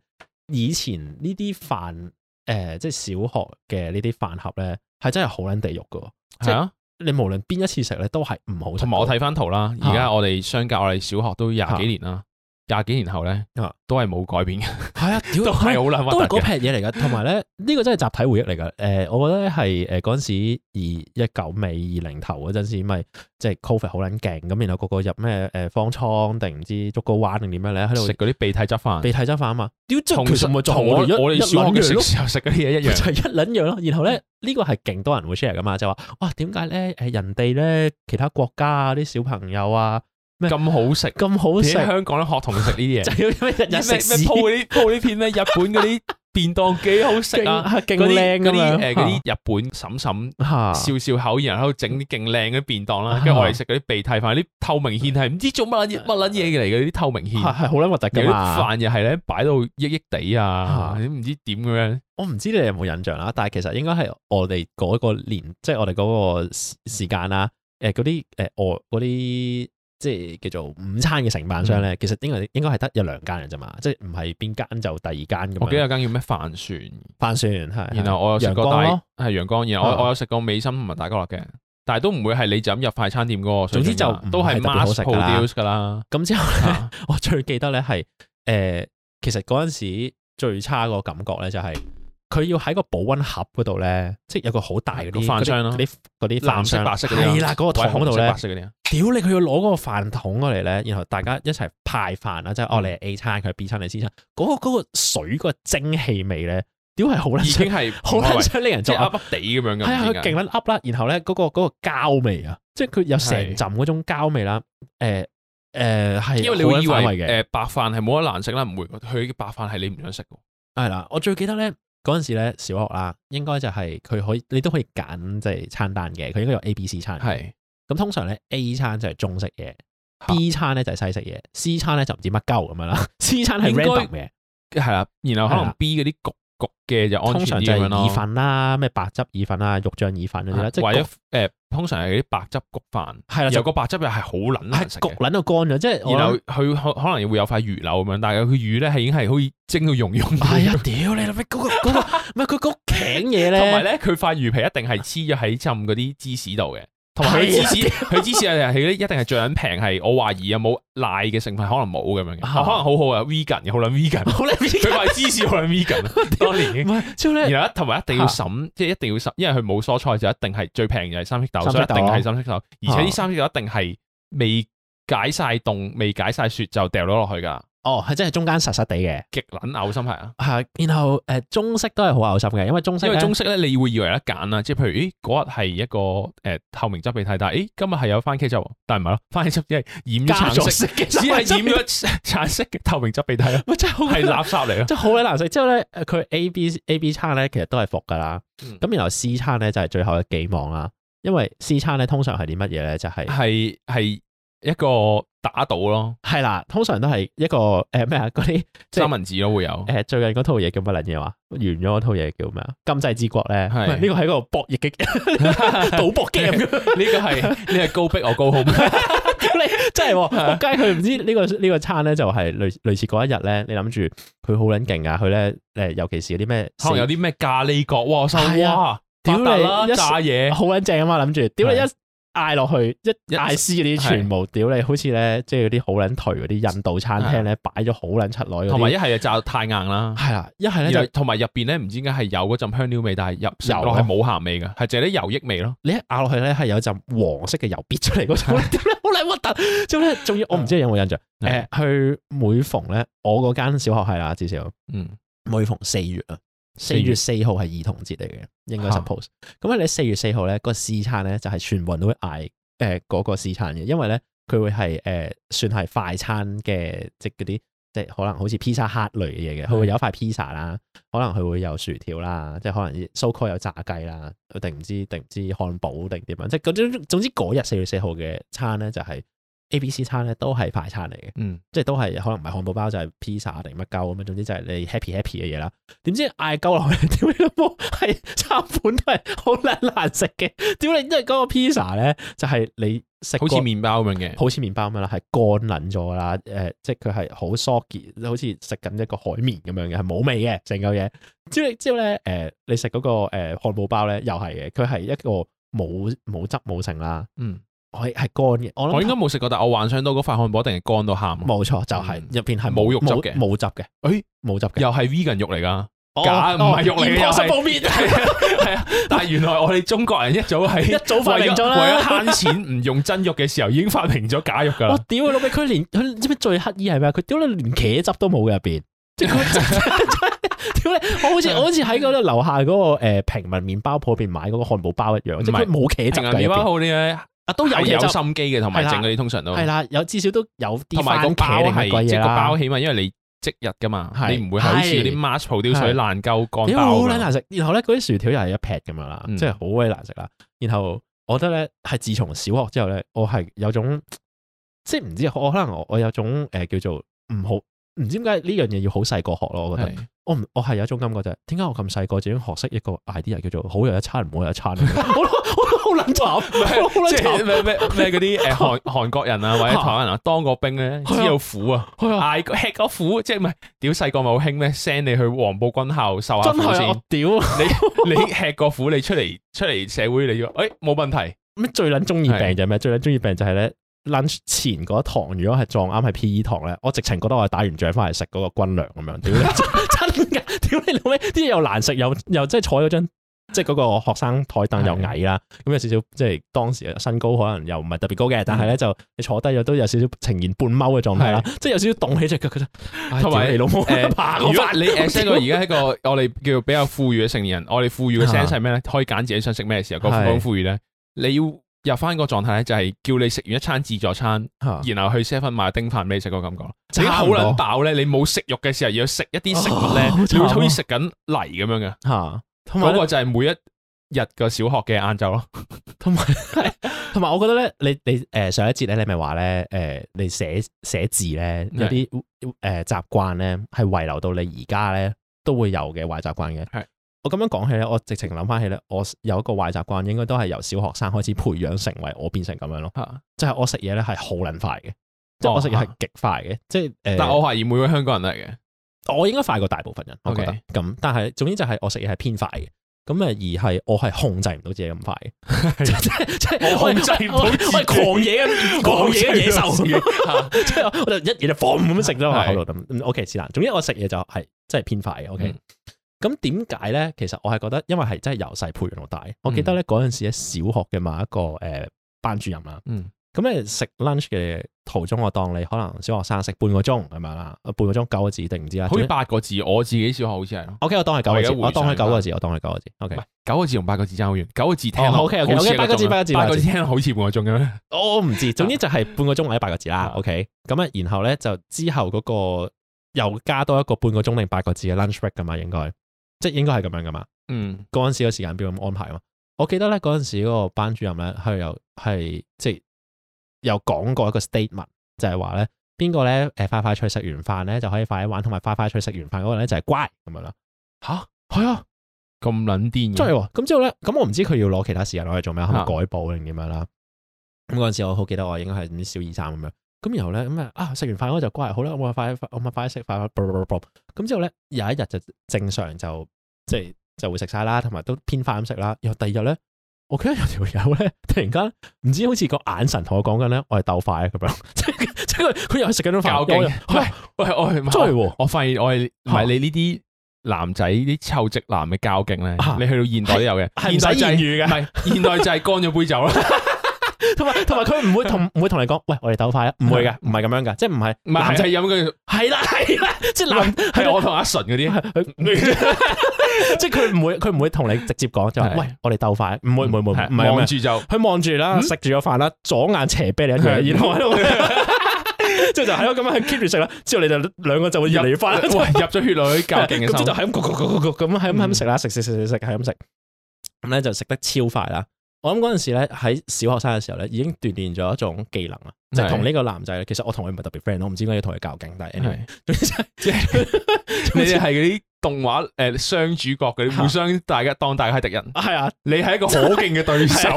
以前呢啲飯，誒、呃，即係小學嘅呢啲飯盒咧，係真係好撚地獄噶係啊，你無論邊一次食咧，都係唔好。同埋我睇翻圖啦，而家我哋相隔我哋小學都廿幾年啦。廿幾年後咧，啊、都係冇改變嘅。係啊，都係好撚核突嘅。都係嗰嘢嚟噶。同埋咧，呢、這個真係集體回憶嚟噶。誒、呃，我覺得咧係誒嗰陣時二一九尾二零頭嗰陣時，咪即係 Covid 好撚勁咁。然後個個入咩誒、呃、方艙定唔知竹篙灣定點樣咧，喺度食嗰啲鼻涕汁飯。鼻涕汁飯啊嘛，屌真係，實其實我同我一我哋小學生時候食嗰啲嘢一樣。 [laughs] 就係一撚樣咯。然後咧呢， [laughs] 後呢、這個係勁多人會 share 噶嘛，就話哇點解咧誒人哋咧其，其他國家啊啲小朋友啊。咁好食，咁好食！喺香港咧，學童食呢啲嘢，就要日日食咩鋪嗰啲鋪嗰啲片咧，日本嗰啲便當幾好食啊，勁靚嗰啲誒嗰啲日本嬸嬸笑笑口，然後喺度整啲勁靚嘅便當啦，跟住我哋食嗰啲鼻涕飯，啲透明芡係唔知做乜撚嘢乜撚嘢嚟嘅啲透明芡，係係好撚核突㗎嘛！啲飯又係咧擺到益益地啊，你唔知點咁樣？我唔知你哋有冇印象啦，但係其實應該係我哋嗰個年，即係我哋嗰個時間啦，誒嗰啲誒我嗰啲。即係叫做午餐嘅承辦商咧，嗯、其實應該應該係得一兩間嘅啫嘛，即係唔係邊間就第二間。我記得有間叫咩帆船，帆船係。然後我有食過大係陽，陽光，然後我有、啊、我有食過美心唔係大家樂嘅，但係都唔會係你就咁入快餐店嘅喎。總之就都係麻麻哋噶啦。咁、啊、之後咧，我最記得咧係誒，其實嗰陣時最差個感覺咧就係、是。佢要喺個保溫盒嗰度咧，即係有個好大嗰啲飯箱咯，嗰啲嗰啲藍色白色啲，係啦，嗰個桶度咧，白色嗰啲。屌你，佢要攞嗰個飯桶過嚟咧，然後大家一齊派飯啦，即係哦，你係 A 餐，佢係 B 餐，你 C 餐。嗰個個水嗰個蒸汽味咧，屌係好難食，已經係好難食，令人做 up up 哋咁樣嘅。係啊，佢勁撚 up 啦，然後咧嗰個嗰個膠味啊，即係佢有成浸嗰種膠味啦。誒誒，係，因為你會以為誒白飯係冇得難食啦，唔會，佢嘅白飯係你唔想食嘅。係啦，我最記得咧。嗰陣時咧小學啦，應該就係、是、佢可以你都可以揀即係餐單嘅，佢應該有 A、B、C 餐。係咁通常咧 A 餐就係中式嘢，B 餐咧就係西式嘢，C 餐咧就唔知乜鳩咁樣啦。C 餐係 random 嘅，係啦，然後可能 B 嗰啲焗的焗嘅就安全啲，通常就係意粉啦，咩白汁意粉啦、啊、肉醬意粉嗰啲啦，即係誒。焗通常係啲白汁焗飯，係啦的，就個白汁又係好捻難食嘅，焗捻到乾咗，即係的。然後佢可可能會有塊魚柳咁樣，想但係佢魚咧係已經係可以蒸到溶溶。係啊、嗯，屌你啦喂，嗰個嗰個，唔係佢嗰頸嘢咧。同埋咧，佢塊 [laughs] 魚皮一定係黐咗喺浸嗰啲芝士度嘅。同埋佢芝士，佢、啊、芝士係佢 [laughs] 一定係最緊平，係我懷疑有冇奶嘅成分可能冇咁樣嘅，可能，、啊啊、可能好好嘅 vegan 嘅，好靚 vegan，佢話芝士好靚 vegan，多年了。 [laughs] 然後一，同埋一定要審，啊、即係一定要審，因為佢冇蔬菜就一定係最平，就係三色豆，所以一定係三色豆，而且呢三色豆一定係未解晒凍、未解晒雪就掉咗落去噶。哦，係真係中間實實地嘅，極撚嘔心係啊！係，然後誒，中式都係好嘔心嘅，因為中式呢因為中式咧，你會以為有得揀啦，即係譬如咦，嗰日係一個誒、呃、透明汁俾太太，咦，今日係有番茄汁，但係唔係咯，番茄汁係染咗橙色嘅，只係染咗橙色嘅透明汁俾大咯，喂，真係好係垃圾嚟咯，真係好鬼難食。之後咧，佢 A B A B 餐咧，其實都係伏㗎啦，咁、嗯、然後 C 餐咧就係、是、最後嘅寄望啦，因為 C 餐咧通常係啲乜嘢咧，就係係係。一個打賭咯，係啦，通常都係一個誒咩啊，嗰啲三文治都會有。誒、呃，最近嗰套嘢叫乜嘢話？完咗嗰套嘢叫咩？今際之國咧，係呢個喺一個博弈嘅賭 [laughs] 博 game。呢個係呢係高逼我高控，屌你 [laughs] 真係！梗係佢唔知呢、這個呢、這個餐咧就係類類似嗰一日咧，你諗住佢好卵勁啊！佢咧誒，尤其是啲咩，可能有啲咩咖喱角哇，收哇、啊，屌你炸嘢，好卵正啊嘛！諗住屌你一。嗌落去一 I C 嗰啲全部屌你，好似咧即係嗰啲好卵頹嗰啲印度餐廳咧，擺咗好卵出內同埋一係就炸太硬啦，係啊，一係咧同埋入邊咧唔知點解係有嗰陣香料味，但係入入係冇咸味嘅，係淨係啲油益味咯。你一咬落去咧係有陣黃色嘅油咇出嚟，嗰陣屌你好卵核突！之後咧仲要我唔知有冇印象，誒，去每逢咧我嗰間小學係啦至少，嗯，每逢四月啊。四月四號係兒童節嚟嘅，應該 suppose。咁喺你四月四號咧，個 C 餐咧就係、是、全部人都會嗌誒嗰個 C 餐嘅，因為咧佢會係誒、呃、算係快餐嘅，即係嗰啲即係可能好似 Pizza Hut 類嘅嘢嘅，佢是會有一塊 pizza 啦，可能佢會有薯條啦，即係可能 so called 有炸雞啦，佢定唔知定唔知漢堡定點樣，即係嗰種，總之嗰日四月四號嘅餐咧就係、是。A、B、C 餐咧都係快餐嚟嘅，嗯，即係都係可能唔係漢堡包就係披薩定乜鳩咁樣，總之就係你 happy happy 嘅嘢啦。點知嗌鳩落去，點 [laughs] 解都冇係餐盤都係好難難食嘅？屌你，因為嗰個披薩咧就係、是、你食好似麵包咁嘅，好似麵包咁樣啦，係乾腍咗啦，誒、呃，即係佢係好 soaky 好似食緊一個海綿咁樣嘅，係冇味嘅成嚿嘢。之後之後咧，誒 [laughs] 呢、呃，你食嗰個誒漢堡包咧又係嘅，佢係一個冇冇汁冇性啦，嗯。我係係乾嘅，我應該冇食過，但我幻想到嗰塊漢堡一定係乾到喊。冇錯，就係入邊係冇肉汁嘅，冇汁嘅，誒，冇汁，又係 Vegan 肉嚟噶，假唔係肉嚟嘅又係。麵包係啊，但係原來我哋中國人一早喺一早發明咗啦，為咗慳錢唔用真肉嘅時候，已經發明咗假肉噶啦。我屌老味，佢連佢知唔知最乞意係咩？佢屌你連茄汁都冇入邊，屌你，我好似好似喺嗰度樓下嗰個誒平民麵包鋪入邊買嗰個漢堡包一樣，即係冇茄汁嘅。啊，都有嘢有心機嘅，同埋整嗰啲通常都係啦，有至少都有啲。同埋講茄，即係個包，包起嘛，因為你即日噶嘛，是你唔會好似啲孖槽吊水爛鳩乾包。好、哎哦、難食，然後咧嗰啲薯條又係一劈咁樣啦，嗯、即係好鬼難食啦。然後我覺得咧，係自從小學之後咧，我係有種即係唔知，我可能我我有種誒、呃、叫做唔好。唔知點解呢樣嘢要好細個學咯，我覺得我唔我係有種感覺就係，點解我咁細個就已經學識一個 idea 叫做好有一餐，唔好有一餐，我都我好捻慘，即係咩咩咩嗰啲誒韓韓國人啊或者台灣人啊當過兵咧，知有苦啊，捱吃過苦，即係唔係屌細個咪好興咩？send 你去黃埔軍校受下苦先，屌你你吃過苦，你出嚟出嚟社會，你要……誒冇問題。咩最捻中意病就係咩？最捻中意病就係咧。lunch 前嗰堂，如果係撞啱係 P.E. 堂咧，我直情覺得我係打完仗翻嚟食嗰個軍糧咁樣。 [laughs] 真噶，屌你老味，啲嘢又難食，又又即係坐咗張即係嗰個學生台凳又矮啦，咁的有少少即係當時身高可能又唔係特別高嘅，但係咧、嗯、就你坐低咗都有少少呈現半踎嘅狀態啦，的即係有少少動起隻腳嘅。同埋你老母，爬怕法。你 send 個而家一個我哋叫比較富裕嘅成年人， [laughs] 我哋富裕嘅 send 係咩咧？可以揀自己想食咩嘅時候，的個富翁富裕咧，你要。入翻個狀態咧，就係叫你食完一餐自助餐，啊、然後去 seven 買丁飯俾你食個感覺，你好卵飽咧！你冇食肉嘅時候，要食一啲食物咧，哦好啊，你會好似食緊泥咁樣嘅。吓、啊，同埋嗰個就係每一日個小學嘅晏晝咯。同埋有，同埋，我覺得咧，你你誒、呃、上一節咧，你咪話咧，誒、呃、你寫寫字咧有啲誒習慣咧，係遺是、呃、留到你而家咧都會有嘅壞習慣嘅。我咁樣講起咧，我直情諗翻起咧，我有一個壞習慣，應該都係由小學生開始培養成為我變成咁樣咯。即係我食嘢咧係好捻快嘅，即係我食嘢係極快嘅。即係誒，但我懷疑每個香港人都係嘅，我應該快過大部分人。我覺得咁，但係總之就係我食嘢係偏快嘅。咁啊，而係我係控制唔到自己咁快嘅。即係我控制唔到，我係狂野嘅狂野嘅野獸。即係我就一嘢就放咁樣食咗喺度咁。O K. 是啦，總之我食嘢就係真係偏快嘅。O K. 咁點解咧？其實我係覺得，因為係真係由細培養到大。我記得咧嗰陣時喺小學嘅某一個誒班主任啦，咁咧食 lunch 嘅途中，我當你可能小學生食半個鐘係咪啦？半個鐘九個字定唔知啊？好似八個字，我自己小學好似係。O K，我當係九個字，我當係九個字，我當係九個字。O K，九個字同八個字差好遠。九個字聽，O K，八個字八個字，八個字聽好似半個鐘咁。我唔知，總之就係半個鐘或者八個字啦。O K，咁咧然後咧就之後嗰個又加多一個半個鐘定八個字嘅 lunch break 㗎嘛，應該。即係應該係咁樣噶嘛，嗯，嗰陣時個時間表咁安排嘛、啊。我記得咧嗰陣時嗰個班主任咧佢又係即係有講過一個 statement，就係話咧邊個咧誒快快脆食完飯咧就可以快啲玩，同埋快快脆食完飯嗰個咧就係乖咁樣啦。吓，係啊，咁撚癲嘅，真係、啊。咁之後咧，咁、嗯、我唔知佢要攞其他時間攞嚟做咩，可能改補定點樣啦。咁嗰陣時我好記得，我應該係啲小二三咁樣。咁然後咧，咁啊啊食完飯我就乖，好啦，我咪快，我咪快啲食飯啦。咁之後咧有一日就正常就即係就會食晒啦，同埋都偏快咁食啦。然後第二日咧，我記得有條友咧突然間唔知好似個眼神同我講緊咧，我係鬥快啊咁樣，即即佢佢又食緊種交勁。喂我真係我發現我係唔係你、啊、呢啲男仔啲臭直男嘅交勁咧？你去到現代都有嘅、啊啊啊啊，現代就係乾咗杯酒啦、啊。啊同埋，同埋佢唔會同唔會同你講，喂，我哋鬥快啊！唔會嘅，唔係咁樣嘅，即係唔係男仔飲嘅，係啦係啦，即係男係我同阿純嗰啲，即係佢唔會佢唔會同你直接講就係，喂，我哋鬥快，唔會唔會唔會，望住就，佢望住啦，食住個飯啦，左眼斜啤你一樣，然後，即係就係咯，咁樣去 keep 住食啦，之後你就兩個就會越嚟越快，入咗血裏，勁勁咁就係咁，咁咁咁喺咁喺咁食啦，食食食食食喺咁食，咁咧就食得超快啦。我諗嗰陣時咧，喺小學生嘅時候咧，已經鍛煉咗一種技能啦，就同呢個男仔咧，其實我同佢唔係特別 friend，我唔知點解要同佢較勁，但係因為，你係嗰啲動畫誒雙主角嘅，互相大家當大家係敵人。係啊，你係一個可敬嘅對手，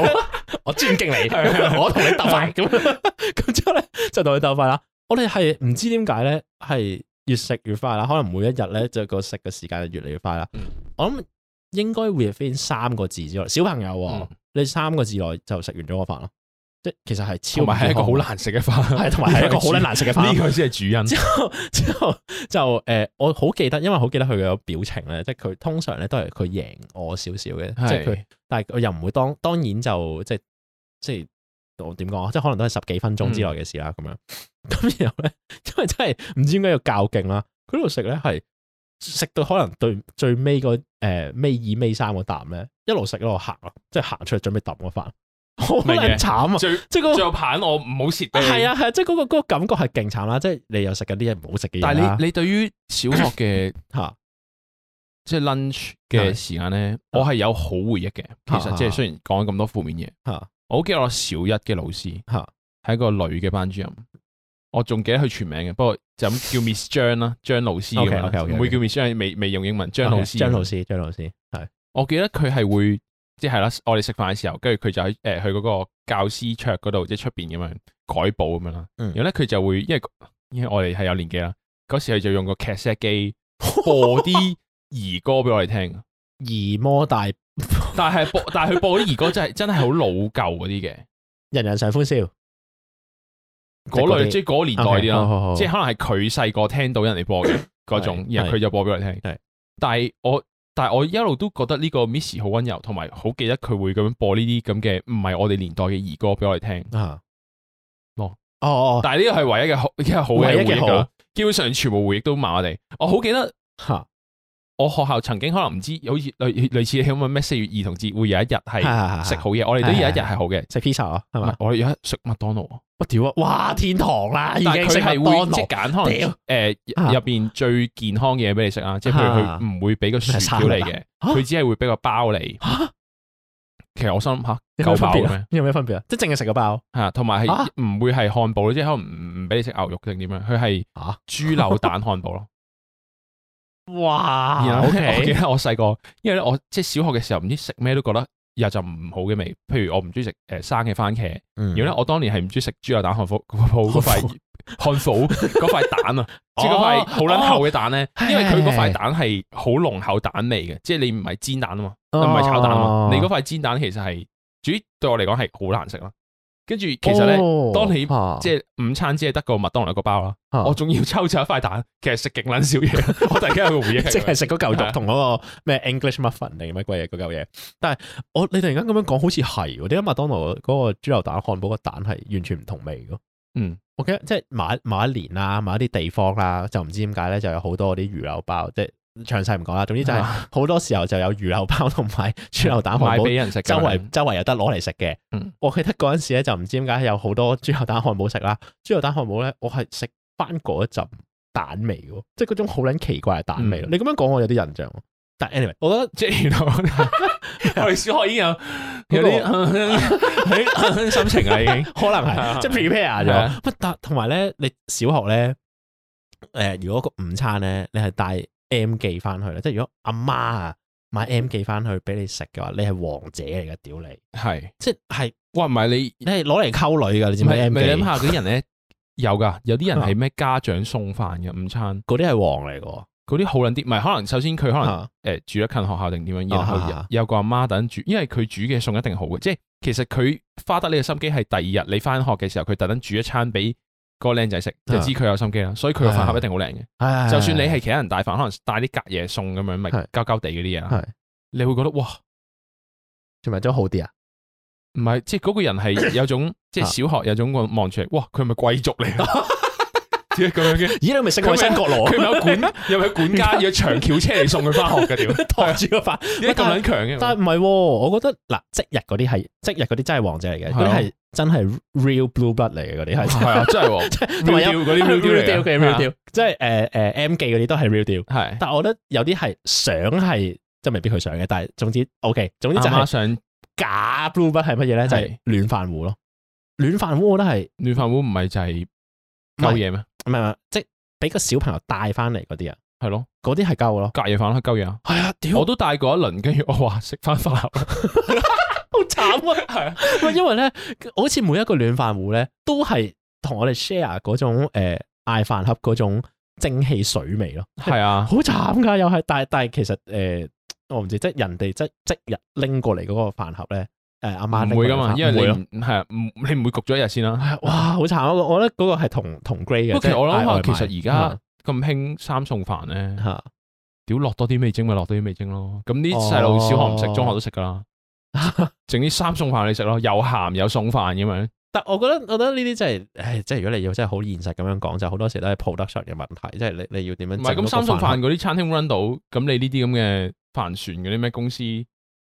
我尊敬你，我同你鬥快咁，咁之後咧就同佢鬥快啦。我哋係唔知點解咧，係越食越快啦，可能每一日咧就個食嘅時間就越嚟越快啦。我諗應該會變三個字之外，小朋友。你三個字內就食完咗個飯咯，即係其實係超埋係一個好難食嘅飯，係同埋係一個好撚難食嘅飯。呢 [laughs] 個先係主因。之後、之後、就誒、呃，我好記得，因為好記得佢嘅表情咧，即係佢通常咧都係佢贏我少少嘅，是即係佢。但係佢又唔會當當然就即係即係我點講啊？即係可能都係十幾分鐘之內嘅事啦。咁、嗯、樣咁然後咧，因為真係唔知點解要較勁啦。嗰度食咧係食到可能對最尾個誒、呃、尾二尾三個啖咧。一路食一路行啊，即係行出去準備揼個飯，好鬼慘啊！即係個助盤我唔好蝕俾你，係啊係啊，即係嗰個個感覺係勁慘啦！即係你又食緊啲嘢唔好食嘅嘢。但係你你對於小學嘅吓，即係 lunch 嘅時間咧，我係有好回憶嘅。其實即係雖然講咁多負面嘢吓，我好記得我小一嘅老師吓係一個女嘅班主任，我仲記得佢全名嘅，不過就咁叫 Miss 張啦，張老師。OK OK，唔會叫 Miss 張，未未用英文，張老師，張老師，張老師係。我記得佢係會即係啦，我哋食飯嘅時候，跟住佢就喺誒去嗰個教師桌嗰度，即係出邊咁樣改簿咁樣啦。然後咧佢就會，因為因為我哋係有年紀啦，嗰時佢就用個卡 set 機播啲兒歌俾我哋聽。兒魔大，但係但係佢播啲兒歌真係真係好老舊嗰啲嘅，人人常歡笑嗰類，即係嗰年代啲咯，即係可能係佢細個聽到人哋播嘅嗰種，然後佢就播俾我哋聽。但係我但係我一路都覺得呢個 Miss 好温柔，同埋好記得佢會咁樣播呢啲咁嘅唔係我哋年代嘅兒歌俾我哋聽啊，咯哦，哦但係呢個係唯一嘅好，因為好回憶唯一嘅好，基本上全部回憶都麻我哋。我好記得吓，我學校曾經可能唔知好似類類似咁嘅咩四月兒童節會有一日係食好嘢，是是是是我哋都有一日係好嘅食 pizza 啊，係咪我哋有一食麥當勞、啊我屌啊！哇，天堂啦，已經食到安樂。屌，誒，入邊最健康嘅嘢俾你食啊，即係佢唔會俾個薯條你嘅，佢只係會俾個包你！其實我心諗吓，有咩分別啊？有咩分別啊？即係淨係食個包。吓，同埋係唔會係漢堡咯，即係可能唔唔俾你食牛肉定點樣？佢係吓豬柳蛋漢堡咯。哇！O K，我記得我細個，因為咧我即係小學嘅時候，唔知食咩都覺得。有就唔好嘅味，譬如我唔中意食誒生嘅番茄，嗯、然後咧我當年係唔中意食豬油蛋漢堡嗰塊 [laughs] 漢堡嗰塊蛋啊， [laughs] 哦、即係嗰塊好撚厚嘅蛋咧，哦、因為佢嗰塊蛋係好濃厚蛋味嘅，的即係你唔係煎蛋啊嘛，唔係、哦、炒蛋啊嘛，你嗰塊煎蛋其實係煮對我嚟講係好難食啦。跟住，其實咧，哦、當你、啊、即係午餐，只係得個麥當勞一個包啦，啊、我仲要抽出一塊蛋，其實食極撚少嘢。 [laughs] 我突然間有個回憶， [laughs] 是是即係食嗰嚿肉同嗰的個咩 English muffin 定係乜鬼嘢嗰嚿嘢。但係我你突然間咁樣講，好似係點解麥當勞嗰個豬油蛋漢堡個蛋係完全唔同味嘅？嗯，我記得即係某一某一年啦，某一啲地方啦，就唔知點解咧，就有好多啲魚柳包，即係。詳細唔講啦，總之就係好多時候就有魚柳包同埋豬柳蛋漢堡，俾人食，周圍周圍有得攞嚟食嘅。嗯、我記得嗰陣時咧就唔知點解有好多豬柳蛋漢堡食啦。豬柳蛋漢堡咧，我係食翻嗰一浸蛋味嘅，即係嗰種好捻奇怪嘅蛋味，嗯、你咁樣講我有啲印象，但 anyway，我覺得即係原來 [laughs] [laughs] 我哋小學已經有有啲有心情啊，已經 [laughs] 可能係是 [laughs] 即係 prepare 咗。唔 [laughs] 但同埋咧，你小學咧，誒、呃，如果個午餐咧，你係帶。M 記翻去咧，即係如果阿媽啊買 M 記翻去俾你食嘅話，你係王者嚟嘅，屌你係，即係哇唔係你，你係攞嚟溝女噶，你知唔知沒 M？你諗下嗰啲人咧， [laughs] 有噶，有啲人係咩家長送飯嘅午嗎餐，嗰啲係王嚟嘅，嗰啲好捻啲，唔係可能首先佢可能誒住咗近學校定點樣，哦、然後有個阿媽等煮，因為佢煮嘅餸一定好嘅，即係其實佢花得你個心機係第二日你翻學嘅時候，佢特登煮一餐俾。個靚仔食就知佢有心機啦，所以佢個飯盒一定好靚嘅。係的，就算你係其他人帶飯，可能帶啲隔夜餸咁樣咪膠膠地嗰啲嘢，的你會覺得哇，做埋都好啲啊！唔係，即係嗰個人係有種 [coughs] 即係小學有種個望出嚟，哇！佢係咪貴族嚟？ [laughs] 咁樣嘅，咦你咪識衞生角落？佢咪有管咩？有咪有管家要長轎車嚟送佢翻學嘅？點托住個飯，依家咁樣強嘅。但係唔係？我覺得嗱，即日嗰啲係即日嗰啲真係王者嚟嘅，都係真係 real blue blood 嚟嘅嗰啲係係啊，真係，同埋有嗰啲 real deal 嘅 real deal 即係誒誒 M 記嗰啲都係 real deal。係，但係我覺得有啲係想係真未必去想嘅。但係總之 OK，總之就係假 blue blood 係乜嘢咧？就係暖飯壺咯。暖飯壺我覺得係暖飯壺唔係就係偷嘢咩？唔係，即係俾個小朋友帶翻嚟嗰啲啊，係咯，嗰啲係夠咯，隔夜飯咯，夠嘢啊，係啊，我都帶過一輪，跟住我話食翻飯盒，好慘啊，係啊，因為咧，好似每一個暖飯壺咧，都係同我哋 share 嗰種誒嗌飯盒嗰種蒸汽水味咯，係啊，好慘噶，又係，但係但係其實誒、呃，我唔知，即係人哋即即日拎過嚟嗰個飯盒咧。阿唔、啊、會噶嘛，因為你係啊，你唔會焗咗一日先啦、啊。哇，好慘！我覺得嗰個係同同 grade 嘅。其實我諗，其實而家咁興三餸飯咧，屌落多啲味精咪落多啲味精咯。咁啲細路小學唔食，中學都食噶啦，整啲、哦、 [laughs] 三餸飯你食咯，有鹹有餸飯咁樣。但我覺得，我覺得呢啲真係，即係如果你要真係好現實咁樣講，就好多時都係 production 嘅問題，即、就、係、是、你你要點樣唔係咁三餸飯嗰啲餐廳 run 到，咁你呢啲咁嘅帆船嗰啲咩公司？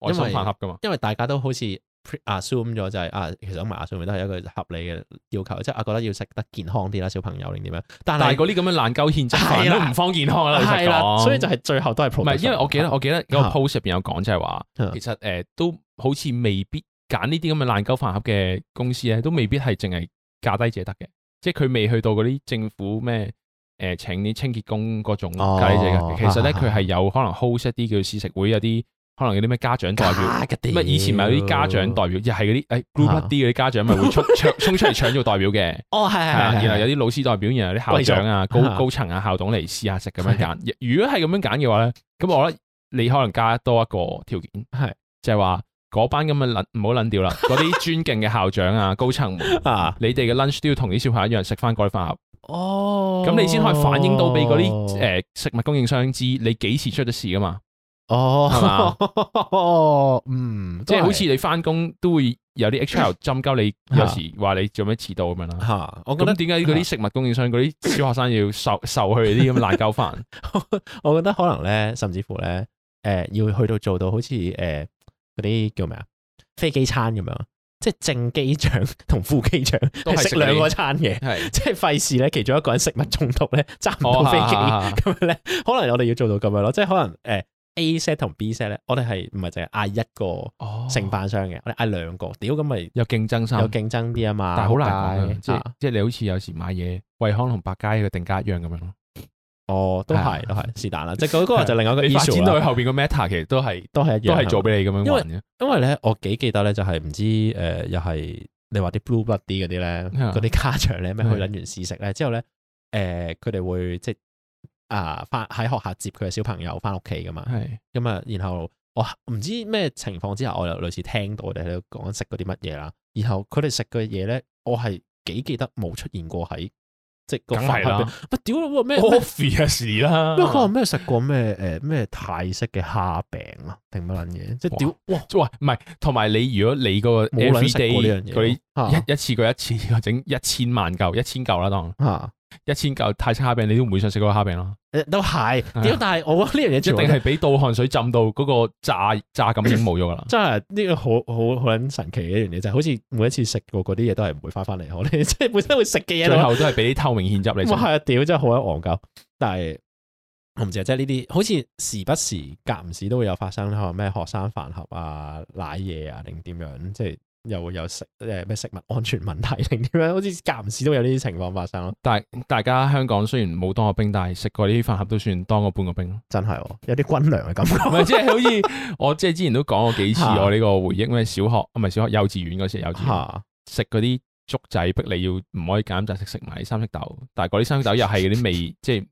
盒嘛，因為因為大家都好似 presume 咗就係、是、啊，其實買餸都係一個合理嘅要求，即係啊覺得要食得健康啲啦，小朋友定點樣？但係嗰啲咁嘅爛鳩飯盒都唔方健康啦的，所以就係最後都係 p r 唔係，因為我記得、啊、我記得嗰個 post 入邊有講，啊、就係話其實誒、呃、都好似未必揀呢啲咁嘅爛鳩飯盒嘅公司咧，都未必係淨係價低者得嘅，即係佢未去到嗰啲政府咩誒、呃、請啲清潔工嗰種價低者、哦、其實咧佢係有可能 host 一啲叫試食會，有啲。可能有啲咩家長代表，以前咪有啲家長代表，又係嗰啲誒 group 啲嗰啲家長咪會衝衝出嚟搶做代表嘅。哦，係係，然後有啲老師代表，然後啲校長啊、高高層啊、校董嚟試下食咁樣揀。如果係咁樣揀嘅話咧，咁我覺得你可能加多一個條件，係就係話嗰班咁嘅撚唔好撚掉啦。嗰啲尊敬嘅校長啊、高層啊，你哋嘅 lunch 都要同啲小朋友一樣食翻蓋飯盒。哦，咁你先可以反映到俾嗰啲誒食物供應商知你幾時出得事噶嘛？哦， [noise] 吧嗯，即係好似你返工都會有啲 H R 針灸，你是有時話你做咩遲到咁樣啦。吓是，我覺得點解嗰啲食物供應商嗰啲，啊，小學生要受受佢啲咁嘅爛交飯？我覺得可能咧，甚至乎咧，誒、呃，要去到做到好似誒嗰啲叫咩啊？飛機餐咁樣，即係正機長同副機長食兩個餐嘅，係即係費事咧，其中一個人食物中毒咧，揸唔到飛機咁樣咧，可能我哋要做到咁樣咯，即係可能誒。呃 A set 同 B set 咧，我哋係唔係淨係嗌一個承辦商嘅，我哋嗌兩個，屌咁咪有競爭，有競爭啲啊嘛。但係好難買，即係即係你好似有時買嘢，惠康同百佳嘅定價一樣咁樣咯。哦，都係都係，是但啦，即係嗰個就另一個發展到去後邊個 meta，其實都係都係一樣，都係做俾你咁樣。因為咧，我幾記得咧，就係唔知誒，又係你話啲 blue blood 嗰啲咧，嗰啲家長咧，咩去諗完試食咧之後咧，誒，佢哋會即係。啊！翻喺學校接佢嘅小朋友翻屋企噶嘛，咁啊是，然後我唔知咩情況之下，我又類似聽到我哋喺度講食過啲乜嘢啦。然後佢哋食嘅嘢咧，我係幾記得冇出現過喺即係個飯盒。哇！屌啦哇，咩？coffee 嘅事啦，不過佢話咩食過咩誒咩泰式嘅蝦餅啊？定乜撚嘢？即係屌哇！哇！唔係，同埋你如果你嗰個 every day 呢樣嘢，佢、啊、一一,一,一次過一次，整一千萬嚿，一千嚿啦，當吓。一千嚿泰式蝦餅，你都唔會想食嗰個蝦餅咯？都係，屌！但係我覺得呢樣嘢一定係俾倒汗水浸到嗰個炸炸咁已經冇咗啦。真係呢個好好好神奇嘅一樣嘢，就係、是、好似每一次食過嗰啲嘢都係唔會翻翻嚟，我哋即係本身會食嘅嘢。最後都係俾啲透明芡汁嚟。 [laughs] 你吃哇，係啊，屌！真係好鬼憨鳩。但係我唔知即係呢啲好似時不時、隔唔時都會有發生咩學生飯盒啊、瀨嘢啊，定點樣？即係。即又會有食即係咩食物安全問題定點樣？好似間唔時都有呢啲情況發生咯。但係大家香港雖然冇當過兵，但係食過呢啲飯盒都算當過半個兵咯。真係、哦，有啲軍糧嘅感覺。咪即係好似我即係之前都講過幾次我呢個回憶咩？ [laughs] 小學唔係小學幼稚園嗰時幼稚園，食嗰啲粥仔逼你要唔可以減雜食食埋啲三色豆，但係嗰啲三色豆又係嗰啲味，即係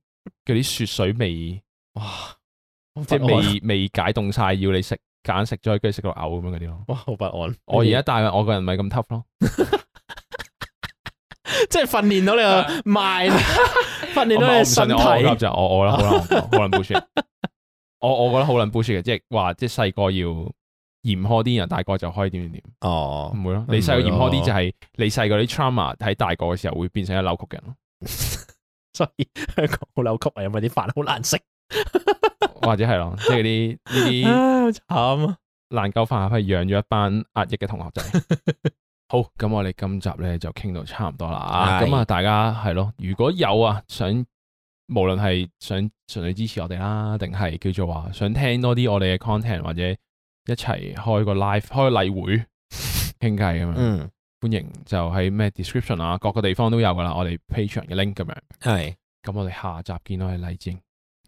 嗰啲雪水味，哇 [laughs] ！即係未未解凍晒要你食。揀食咗跟住食到嘔咁樣嗰啲咯，哇好不安！我而家，但係我個人咪咁 tough 咯，即係訓練到你個 mind！訓練到你身體就我我啦，好啦，好難補出。我我覺得好難補出嘅，即係話即係細個要嚴苛啲，人大個就可以點點點哦，唔會咯。你細個嚴苛啲就係你細個啲 trauma，喺大個嘅時候會變成一扭曲人咯。所以香港好扭曲啊，因為啲飯好難食。 [laughs] 或者係咯，即係啲呢啲，唉、啊，好慘啊！難救翻，係養咗一班壓抑嘅同學仔。 [laughs] 好，咁我哋今集咧就傾到差唔多啦啊！咁、嗯、啊，嗯、大家係咯，如果有啊想，無論係想純粹支持我哋啦，定係叫做話想聽多啲我哋嘅 content，或者一齊開個 live 開例會傾偈咁樣，嗯，歡迎就喺咩 description 啊，各個地方都有噶啦，我哋 Patreon 嘅 link 咁樣。係、嗯，咁、嗯、我哋下集見到係麗晶。